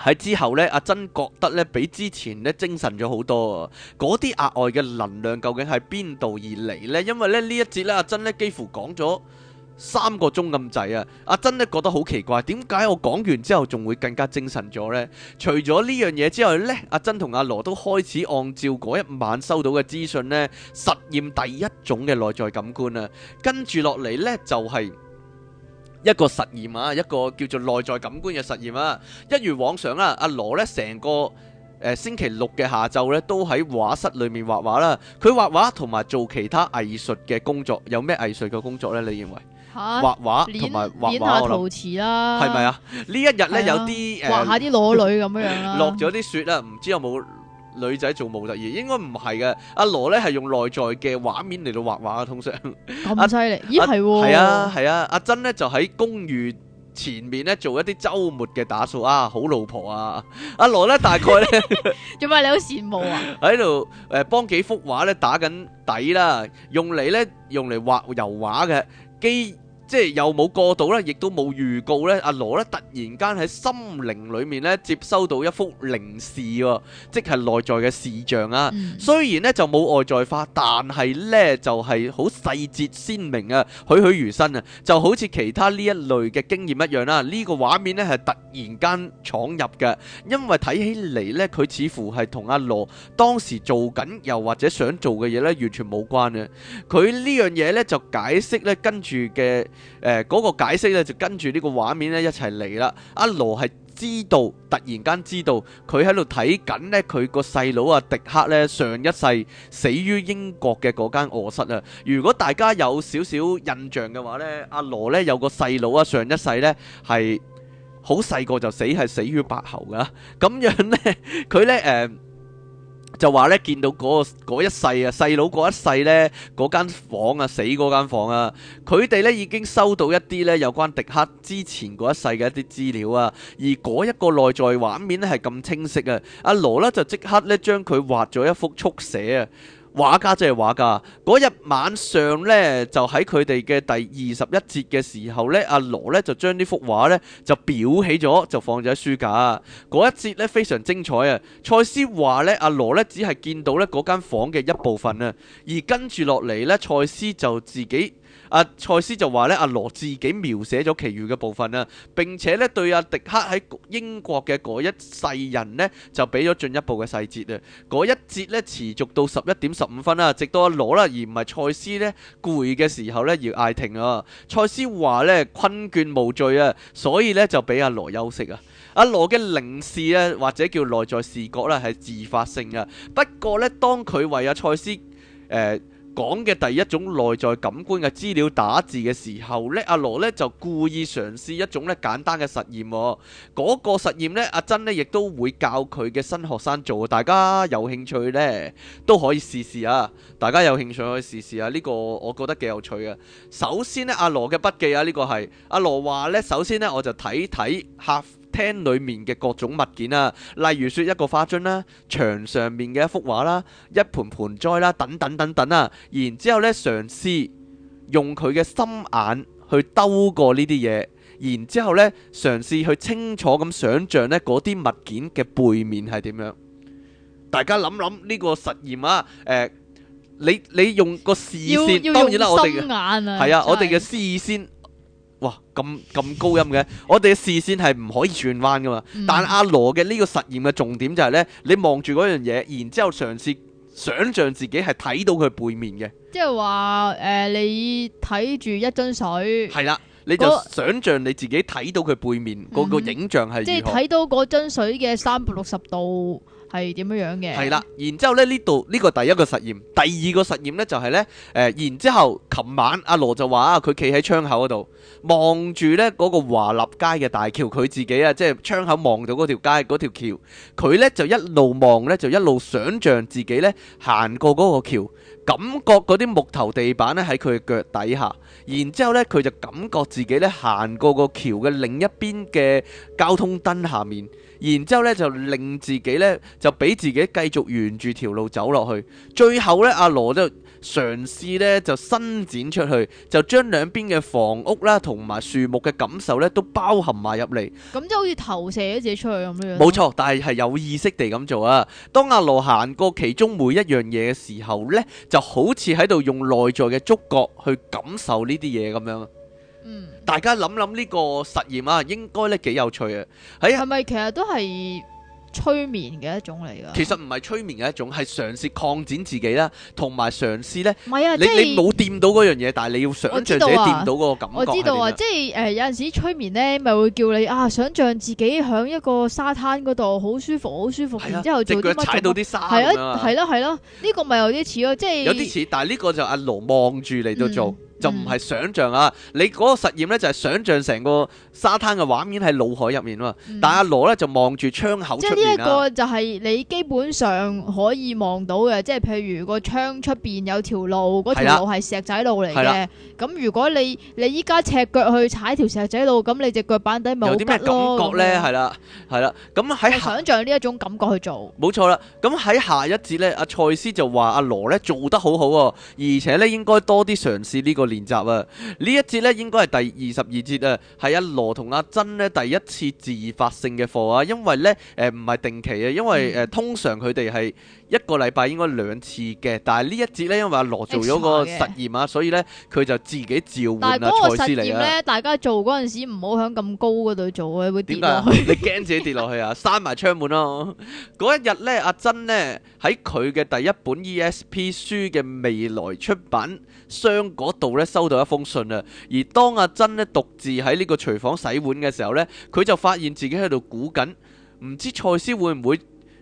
喺之後呢，阿珍覺得呢比之前呢精神咗好多啊！嗰啲額外嘅能量究竟係邊度而嚟呢？因為呢呢一節呢，阿珍呢幾乎講咗三個鐘咁滯啊！阿珍呢覺得好奇怪，點解我講完之後仲會更加精神咗呢？除咗呢樣嘢之外呢，阿珍同阿羅都開始按照嗰一晚收到嘅資訊呢，實驗第一種嘅內在感官啊！跟住落嚟呢，就係、是，一個實驗啊，一個叫做內在感官嘅實驗啊，一如往常啦、啊。阿羅咧，成個誒、呃、星期六嘅下晝咧，都喺畫室裏面畫畫啦。佢畫畫同埋做其他藝術嘅工作，有咩藝術嘅工作呢？你認為？畫畫同埋畫畫陶瓷啦，我諗係咪啊？一啊 一呢啊些啊，一日咧有啲畫下啲裸女咁樣樣、啊、啦。落咗啲雪啦，唔知有冇？女仔做模特兒應該唔係嘅，阿羅咧係用內在嘅畫面嚟到畫畫啊，通常咁犀利，咦係？係啊係啊，阿珍咧就喺公寓前面咧做一啲周末嘅打掃啊，好老婆啊，阿羅咧大概咧，做咩你好羨慕啊？喺度誒幫幾幅畫咧打緊底啦，用嚟咧用嚟畫油畫嘅基。即係又冇過渡咧，亦都冇預告呢阿、啊、羅呢突然間喺心靈裏面咧接收到一幅靈視喎，即係內在嘅視像啊。嗯、雖然呢就冇外在化，但係呢就係、是、好細節鮮明啊，栩栩如生啊，就好似其他呢一類嘅經驗一樣啦、啊。呢、這個畫面呢係突然間闖入嘅，因為睇起嚟呢，佢似乎係同阿羅當時做緊又或者想做嘅嘢呢完全冇關嘅。佢呢樣嘢呢就解釋呢跟住嘅。誒，嗰、呃那個解釋咧就跟住呢個畫面咧一齊嚟啦。阿羅係知道，突然間知道佢喺度睇緊呢佢個細佬阿迪克呢上一世死於英國嘅嗰間臥室啊。如果大家有少少印象嘅話、啊、羅呢，阿羅呢有個細佬啊，上一世呢係好細個就死，係死於白喉噶、啊。咁樣呢，佢 呢。誒、呃。就話呢，見到嗰一世啊，細佬嗰一世呢，嗰間房啊，死嗰間房啊，佢哋呢已經收到一啲呢有關迪克之前嗰一世嘅一啲資料啊，而嗰一個內在畫面呢係咁清晰啊，阿羅呢就即刻呢將佢畫咗一幅速寫啊。畫家真係畫家。嗰日晚上呢，就喺佢哋嘅第二十一節嘅時候呢，阿羅呢就將呢幅畫呢就裱起咗，就放咗喺書架。嗰一節呢非常精彩啊！蔡思話呢，阿羅呢只係見到呢嗰間房嘅一部分啊，而跟住落嚟呢，蔡思就自己。阿賽、啊、斯就話咧，阿、啊、羅自己描寫咗其餘嘅部分啊，並且咧對阿、啊、迪克喺英國嘅嗰一世人咧，就俾咗進一步嘅細節啊。嗰一節咧持續到十一點十五分啦、啊，直到阿、啊、羅啦，而唔係賽斯咧攰嘅時候咧要嗌停啊。賽斯話咧睏倦無罪啊，所以咧就俾阿、啊、羅休息啊。阿羅嘅靈視咧或者叫內在視覺咧係自發性嘅，不過咧當佢為阿、啊、賽斯誒。呃講嘅第一種內在感官嘅資料打字嘅時候呢，阿羅呢就故意嘗試一種呢簡單嘅實驗喎。嗰個實驗呢，阿珍呢亦都會教佢嘅新學生做。大家有興趣呢都可以試試啊！大家有興趣可以試試啊！呢個我覺得幾有趣啊。首先呢，阿羅嘅筆記啊，呢個係阿羅話呢，首先呢，我就睇睇客廳裏面嘅各種物件啊，例如說一個花樽啦，啊、牆上面嘅一幅畫啦，啊、一盆盆栽啦，啊，等等等等啊。然之後咧，嘗試用佢嘅心眼去兜過呢啲嘢，然之後咧，嘗試去清楚咁想象呢嗰啲物件嘅背面係點樣。大家諗諗呢個實驗啊，呃、你你用個視線，啊、當然啦，我哋係是啊，我哋嘅視線。哇，咁咁高音嘅， 我哋嘅視線係唔可以轉彎噶嘛？嗯、但阿羅嘅呢個實驗嘅重點就係、係、呢你望住嗰樣嘢，然之後嘗試想像自己係睇到佢背面嘅。即係話誒，你睇住一樽水。係啦， 你就想像你自己睇到佢背面個、嗰個影像係、嗯。即係睇到嗰樽水嘅三百六十度，係點樣嘅？係啦，然之後咧呢度呢、呢個、呢個、第一個實驗，第二個實驗呢就係、係呃啊、呢。誒，然之後琴晚阿羅就話啊，佢企喺窗口嗰度望住呢嗰個華立街嘅大橋，佢自己啊即係窗口望到嗰條街嗰條橋，佢呢就一路望咧就一路想象自己呢行過嗰個橋，感覺嗰啲木頭地板咧喺佢嘅腳底下，然之後咧佢就感覺自己呢行過個橋嘅另一邊嘅交通燈下面。然之後咧，就令自己咧，就俾自己繼續沿住條路走落去。最後咧，阿羅就嘗試咧，就伸展出去，就將兩邊嘅房屋啦，同埋樹木嘅感受咧，都包含埋入嚟。咁就好似投射咗自己出去咁樣。冇錯，但係係有意識地咁做啊！當阿羅行過其中每一樣嘢嘅時候咧，就好似喺度用內在嘅觸覺去感受呢啲嘢咁樣。嗯，大家諗諗呢個實驗啊，應該咧幾有趣啊，係咪其實都係催眠嘅一種嚟噶？其實唔係催眠嘅一種，係嘗試擴展自己啦，同埋嘗試咧，唔係啊，你你冇掂到嗰樣嘢，但係你要想象自己掂到嗰個感覺。我知道啊，即係誒，有陣時催眠咧，咪會叫你啊，想象自己響一個沙灘嗰度，好舒服，好舒服，然之後做點乜，踩到啲沙啊嘛，係咯係咯，呢個咪有啲似咯，即係有啲似，但係呢個就阿羅望住你都做。就唔係想象啊！嗯、你嗰個實驗咧就係想象成個沙灘嘅畫面喺腦海入面啊嘛，嗯、但阿羅咧就望住窗口出面啦。即係一個就係你基本上可以望到嘅，即係譬如個窗出邊有條路，條路係石仔路嚟嘅。咁了如果你你依家赤腳去踩條石仔路，咁你隻腳板底冇啲咩感覺咧？係啦，係啦。咁喺想象呢一種感覺去做。冇錯啦。咁喺下一節咧，阿賽斯就話阿羅咧做得好好喎，而且咧應該多啲嘗試呢個練習啊！呢一節咧應該係第二十二節啊，係阿羅同阿珍咧第一次自發性嘅課啊，因為咧誒唔係定期啊，因為誒、呃、通常佢哋係一個禮拜應該兩次嘅，但係呢一節咧因為阿羅做咗個實驗啊，所以咧佢就自己召喚啊賽斯嚟，咧大家做嗰陣時唔好響咁高度做啊，會跌落去 你驚自己跌落去啊？閂埋窗門咯。 嗰一日咧，阿珍咧喺佢嘅第一本 E S P 書嘅未來出版商度咧，收到一封信啊，而當阿珍呢獨自喺呢個廚房洗碗嘅時候呢，佢就發現自己喺度估緊，唔知蔡思會唔會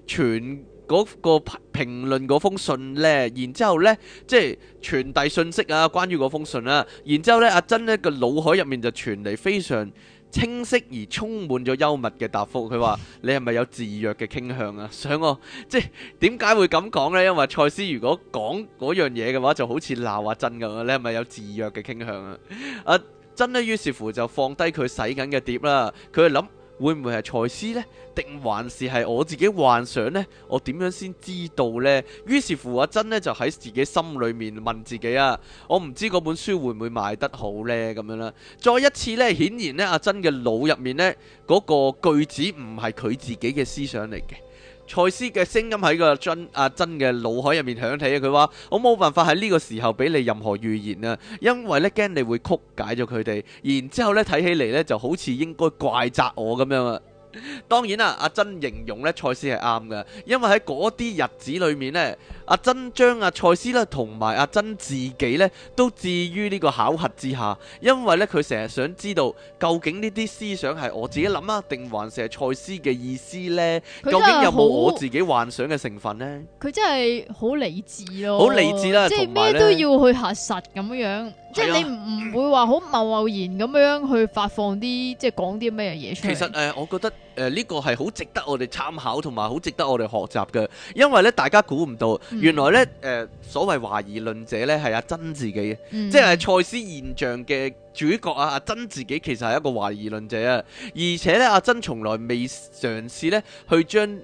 傳嗰個評論嗰封信咧？然之後呢，即係傳遞信息啊，關於嗰封信啊，然之後呢阿珍呢個腦海入面就傳嚟非常。清晰而充滿咗幽默嘅答覆，佢話：你係咪有自虐嘅傾向啊？想我即係點解會咁講呢？因為賽斯如果講嗰樣嘢嘅話，就好似鬧阿真咁啊！你係咪有自虐嘅傾向啊？阿、啊、真呢，於是乎就放低佢洗緊嘅碟啦，佢諗。會唔會係才思呢？定還是係我自己幻想呢？我點樣先知道呢？於是乎，阿珍呢，就喺自己心裏面問自己啊：「我唔知嗰本書會唔會賣得好呢？」咁樣啦，再一次呢，顯然呢，阿珍嘅腦入面呢，嗰個句子唔係佢自己嘅思想嚟嘅。賽斯嘅聲音喺個阿珍嘅腦海入面響起啊！佢話：我冇辦法喺呢個時候俾你任何預言啊，因為呢驚你會曲解咗佢哋，然之後呢，睇起嚟呢就好似應該怪責我咁樣啊！當然啦，阿珍形容咧賽斯係啱嘅，因為喺嗰啲日子裏面呢，阿珍將阿賽斯啦同埋阿珍自己呢，都置於呢個考核之下，因為呢，佢成日想知道究竟呢啲思想係我自己諗啊，定還是係賽斯嘅意思呢？真究竟有冇很我自己幻想嘅成分呢？佢真係好理智咯，好理智啦，即係是咩都要去核實咁樣樣。即係你唔唔、嗯、會話好貿貿然咁樣去發放啲即係講啲咩嘢出嚟。其實誒、呃，我覺得誒呢、呃這個係好值得我哋參考，同埋好值得我哋學習嘅。因為咧，大家估唔到，原來咧誒、呃、所謂懷疑論者咧係阿珍自己、嗯、即係賽斯現象嘅主角啊！阿珍自己其實係一個懷疑論者啊，而且咧阿珍從來未嘗試咧去將。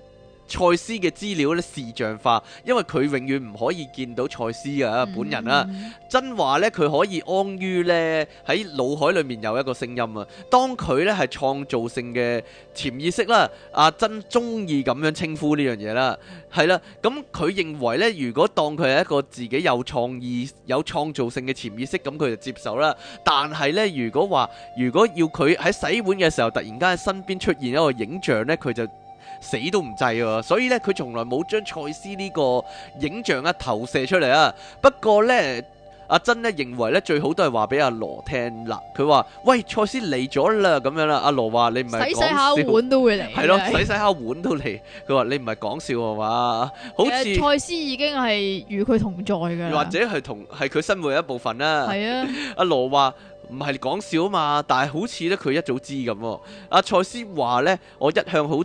蔡司嘅資料咧視像化，因為佢永遠唔可以見到蔡司啊本人啦。Mm hmm. 真話咧，佢可以安於咧喺腦海裏面有一個聲音啊。當佢咧係創造性嘅潛意識啦，阿珍中意咁樣稱呼呢樣嘢啦，係啦。咁佢認為咧，如果當佢係一個自己有創意、有創造性嘅潛意識，咁佢就接受啦。但係咧，如果話如果要佢喺洗碗嘅時候突然間喺身邊出現一個影像咧，佢就～死都唔制喎，所以咧佢從來冇將蔡司呢個影像啊投射出嚟啊。不過咧，阿珍咧認為咧最好都係話俾阿羅聽啦。佢話：喂，蔡司嚟咗啦，咁樣啦。阿羅話：你唔係洗洗下碗都會嚟？係咯，洗洗下碗都嚟。佢話：你唔係講笑係嘛？好似蔡司已經係與佢同在㗎，或者係同係佢生活一部分啦。係啊， 阿羅話唔係講笑啊嘛，但係好似咧佢一早知咁。阿、啊、蔡司話咧：我一向好。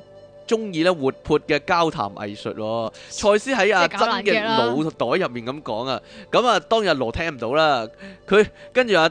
中意咧活潑嘅交談藝術咯，哦，蔡司喺阿珍嘅腦袋入面咁講啊，咁啊當日羅聽唔到啦，佢跟住阿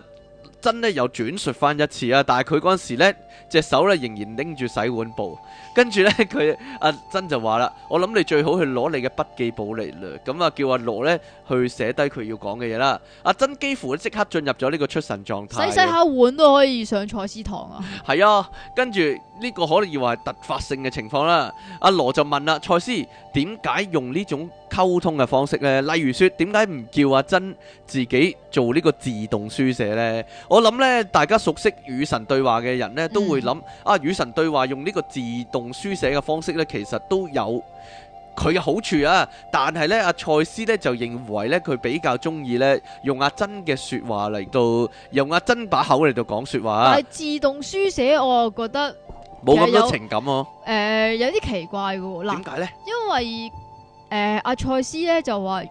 珍呢，又轉述翻一次啊，但係佢嗰陣時咧隻手咧仍然拎住洗碗布，跟住咧佢阿珍就話啦：我諗你最好去攞你嘅筆記簿嚟嘞。」咁啊叫阿羅咧去寫低佢要講嘅嘢啦。阿珍幾乎即刻進入咗呢個出神狀態，洗洗下碗都可以上蔡司堂啊。係啊， 哦，跟住。呢個可能以為係突發性嘅情況啦。阿、啊、羅就問啦：蔡斯點解用呢種溝通嘅方式呢？例如說，點解唔叫阿珍自己做呢個自動書寫呢？我諗呢，大家熟悉與神對話嘅人咧，都會諗、嗯、啊，與神對話用呢個自動書寫嘅方式呢，其實都有佢嘅好處啊。但係呢，阿蔡斯呢就認為呢，佢比較中意呢，用阿珍嘅説話嚟到，用阿珍把口嚟到講説話。但自動書寫，我覺得。冇咁多情感喎、啊、呃，有啲奇怪喎，點解咧？為呢因為誒、呃、阿賽斯咧就話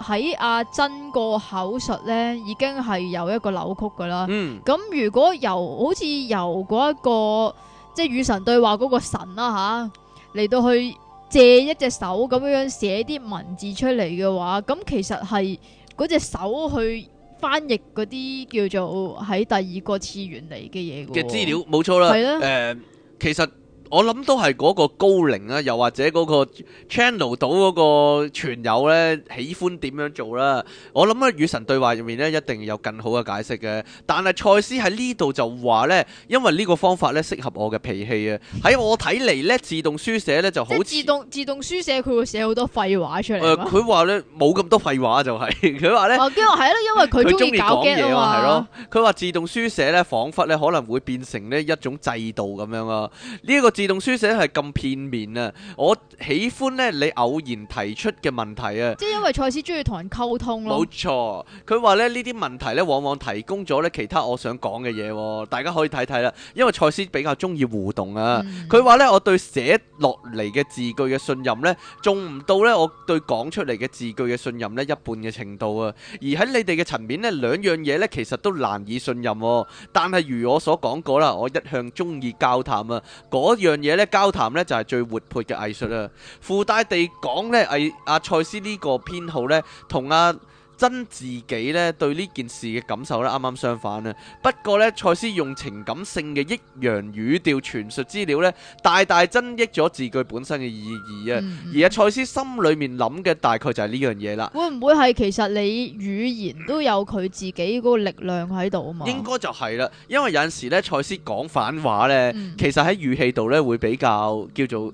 喺阿珍個口述咧已經係有一個扭曲噶啦，咁、嗯、如果由好似由嗰、那、一個即係與神對話嗰個神啦吓嚟到去借一隻手咁樣寫啲文字出嚟嘅話，咁其實係嗰隻手去。翻譯嗰啲叫做喺第二個次元嚟嘅嘢嘅資料，冇錯啦。係啦，誒，其實。我諗都係嗰個高靈啊，又或者嗰個 channel 到嗰個傳人呢，喜歡點樣做啦？我諗呢與神對話入面呢，一定有更好嘅解釋嘅。但係賽斯喺呢度就話呢，因為呢個方法呢，適合我嘅脾氣啊。喺我睇嚟呢，自動書寫呢就好似。即係自動自動書寫，佢會寫好多廢話出嚟。佢話呢冇咁多廢話就係佢話呢。哦， 因為係咯，因為佢中意搞嘅嘢嘛，係咯。佢話自動書寫呢，彷，彷彿呢可能會變成呢一種制度咁樣啊。呢、這個自動書寫係咁片面啊！我喜歡咧，你偶然提出嘅問題啊，即係因為賽斯中意同人溝通咯。冇錯，佢話咧，呢啲問題咧，往往提供咗咧其他我想講嘅嘢。大家可以睇睇啦，因為賽斯比較中意互動啊。佢話呢，我對寫落嚟嘅字句嘅信任呢，仲唔到咧我對講出嚟嘅字句嘅信任呢一半嘅程度啊。而喺你哋嘅層面呢，兩樣嘢呢其實都難以信任。但係如我所講過啦，我一向中意交談啊，嗰樣樣嘢咧，交談咧就係最活潑嘅藝術啦。附帶地講咧，係阿賽斯個呢個編號咧，同阿、啊。真自己咧對呢件事嘅感受咧，啱啱相反啊！不過呢，蔡司用情感性嘅抑揚語調傳述資料呢，大大增益咗字句本身嘅意義啊！嗯、而阿蔡司心裏面諗嘅大概就係呢樣嘢啦。會唔會係其實你語言都有佢自己嗰個力量喺度啊？嘛，應該就係啦，因為有陣時呢，蔡司講反話呢，嗯、其實喺語氣度呢，會比較叫做。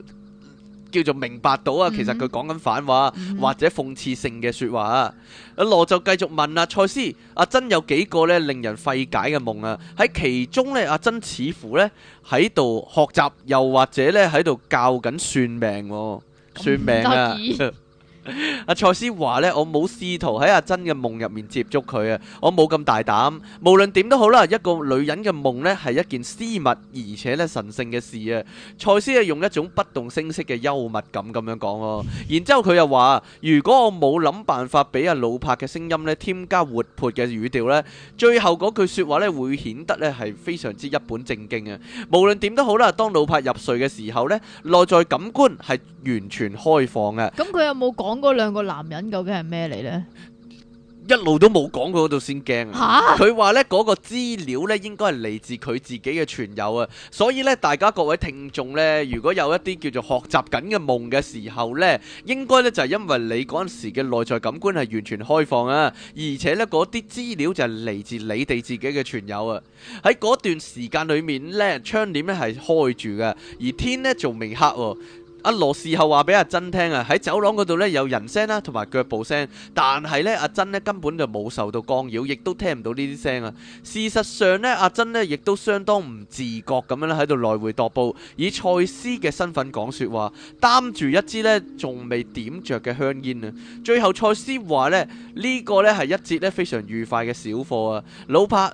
叫做明白到啊，其實佢講緊反話或者諷刺性嘅說話啊。羅就繼續問啊，蔡思阿珍有幾個咧令人費解嘅夢啊？喺其中咧，阿珍似乎咧喺度學習，又或者咧喺度教緊算命，啊，算命啊！ 蔡思話咧，我冇試圖喺阿珍嘅夢入面接觸佢啊，我冇咁大膽。無論點都好啦，一個女人嘅夢呢，係一件私密而且咧神聖嘅事啊。蔡思係用一種不動聲色嘅幽默感咁樣講咯。然之後佢又話，如果我冇諗辦法俾阿老柏嘅聲音呢添加活潑嘅語調呢，最後嗰句說話呢會顯得呢係非常之一本正經啊。無論點都好啦，當老柏入睡嘅時候呢，內在感官係完全開放嘅。咁佢有冇講？嗰兩個男人究竟係咩嚟呢？一路都冇講，佢嗰度先驚。佢話呢嗰個資料呢，應該係嚟自佢自己嘅存有啊。所以呢，大家各位聽眾呢，如果有一啲叫做學習緊嘅夢嘅時候呢，應該呢就係因為你嗰陣時嘅內在感官係完全開放啊，而且呢，嗰啲資料就係嚟自你哋自己嘅存有啊。喺嗰段時間裏面呢，窗簾呢係開住嘅，而天呢仲未黑。阿羅、啊、事後話俾阿珍聽啊，喺走廊嗰度呢，有人聲啦，同埋腳步聲，但係呢，阿珍咧根本就冇受到干擾，亦都聽唔到呢啲聲啊。事實上呢，阿珍呢亦都相當唔自覺咁樣喺度來回踱步，以賽斯嘅身份講說話，擔住一支呢仲未點着嘅香煙啊。最後賽斯話呢，呢、這個呢係一節咧非常愉快嘅小課啊，老帕。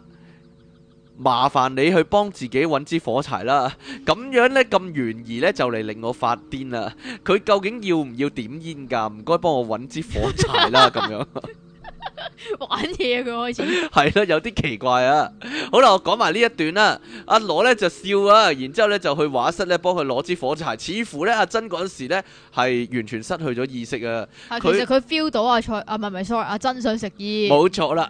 麻煩你去幫自己揾支火柴啦，咁樣呢，咁懸疑呢，就嚟令我發癲啦！佢究竟要唔要點煙㗎？唔該幫我揾支火柴啦，咁樣。 玩嘢啊！佢開始係咯， 有啲奇怪啊！ 好啦，我講埋呢一段啦。阿羅咧就笑啊，然之後咧就去畫室咧幫佢攞支火柴，似乎咧、啊、阿珍嗰陣時咧係完全失去咗意識啊。其實佢 feel 到阿蔡阿唔係唔係，sorry，阿、啊、珍想食煙，冇錯啦。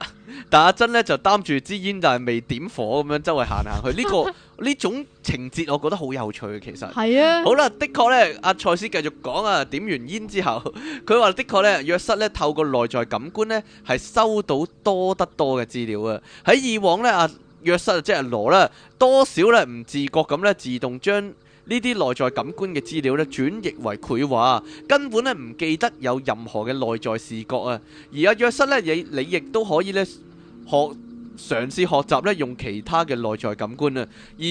但阿、啊、珍咧就擔住支煙，但係未點火咁樣周圍行行去呢個。 呢種情節我覺得好有趣，其實係是啊，好啦，的確呢，阿賽斯繼續講啊，點完煙之後，佢話的確呢，約瑟呢透過內在感官呢係收到多得多嘅資料啊！喺以往呢，阿約瑟即係羅啦，多少呢唔自覺咁呢自動將呢啲內在感官嘅資料呢轉譯為繪畫，根本呢唔記得有任何嘅內在視覺啊！而阿約瑟呢，亦你亦都可以呢學。嘗試學習咧用其他嘅內在感官啊，而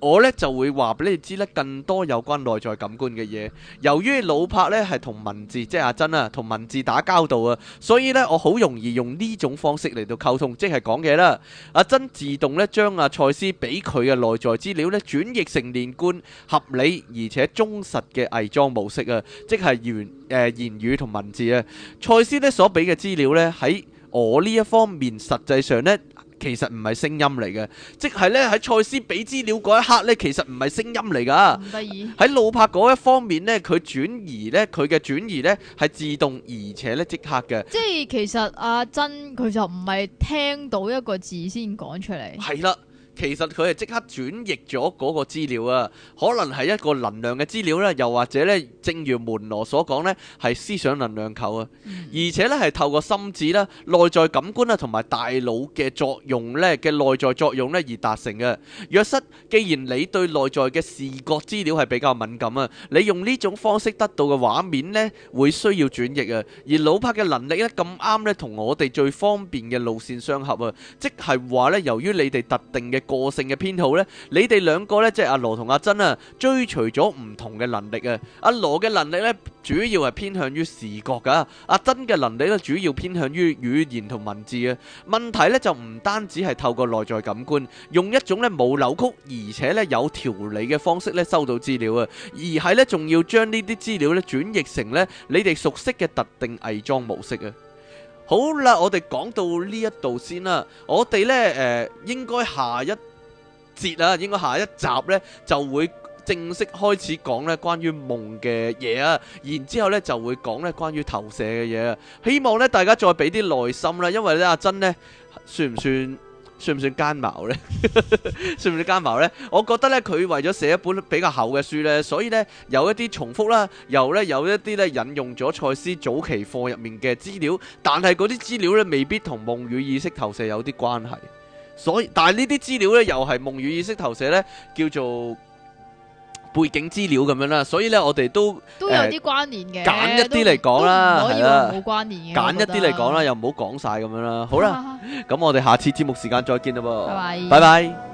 我咧就會話俾你知咧更多有關內在感官嘅嘢。由於老柏咧係同文字，即係阿珍啊，同文字打交道啊，所以咧我好容易用呢種方式嚟到溝通，即係講嘢啦。阿珍自動咧將阿蔡斯俾佢嘅內在資料咧轉譯成連貫、合理而且忠實嘅偽裝模式啊，即係言誒、呃、言語同文字啊。蔡斯咧所俾嘅資料咧喺。我呢一方面，實際上呢，其實唔係聲音嚟嘅，即係呢，喺賽斯俾資料嗰一刻呢，其實唔係聲音嚟噶。得意喺魯柏嗰一方面呢，佢轉移呢，佢嘅轉移呢係自動而且呢即刻嘅。即係其實阿珍，佢就唔係聽到一個字先講出嚟。係啦。其實佢係即刻轉譯咗嗰個資料啊，可能係一個能量嘅資料咧，又或者咧，正如門羅所講咧，係思想能量球啊，而且咧係透過心智啦、內在感官啦同埋大腦嘅作用咧嘅內在作用咧而達成嘅。若失，既然你對內在嘅視覺資料係比較敏感啊，你用呢種方式得到嘅畫面咧，會需要轉譯啊，而老帕嘅能力咧咁啱咧，同我哋最方便嘅路線相合啊，即係話咧，由於你哋特定嘅。個性嘅偏好呢，你哋兩個呢，即係阿羅同阿珍啊，追隨咗唔同嘅能力啊。阿羅嘅能力呢，主要係偏向於視覺噶；阿珍嘅能力呢，主要偏向於語言同文字啊。問題呢就唔單止係透過內在感官，用一種呢冇扭曲而且呢有調理嘅方式呢收到資料啊，而係呢仲要將呢啲資料呢轉譯成呢你哋熟悉嘅特定偽裝模式啊。好啦，我哋講到呢一度先啦，我哋呢誒、呃，應該下一節啊，應該下一集呢就會正式開始講呢關於夢嘅嘢啊，然之後呢就會講呢關於投射嘅嘢啊，希望呢大家再俾啲耐心啦，因為呢阿珍呢算唔算？算唔算奸謀呢？ 算唔算奸謀呢？我覺得呢，佢為咗寫一本比較厚嘅書呢，所以呢，有一啲重複啦，又呢，有一啲呢引用咗塞斯早期課入面嘅資料，但係嗰啲資料呢，未必同夢與意識投射有啲關係。所以，但係呢啲資料呢，又係夢與意識投射呢叫做。背景資料咁樣啦，所以咧我哋都都有啲關聯嘅，揀一啲嚟講啦，唔都的可以話冇關聯嘅，揀一啲嚟講啦，又唔好講晒咁樣啦。好啦，咁、啊、我哋下次節目時間再見啦噃，拜拜。Bye bye bye bye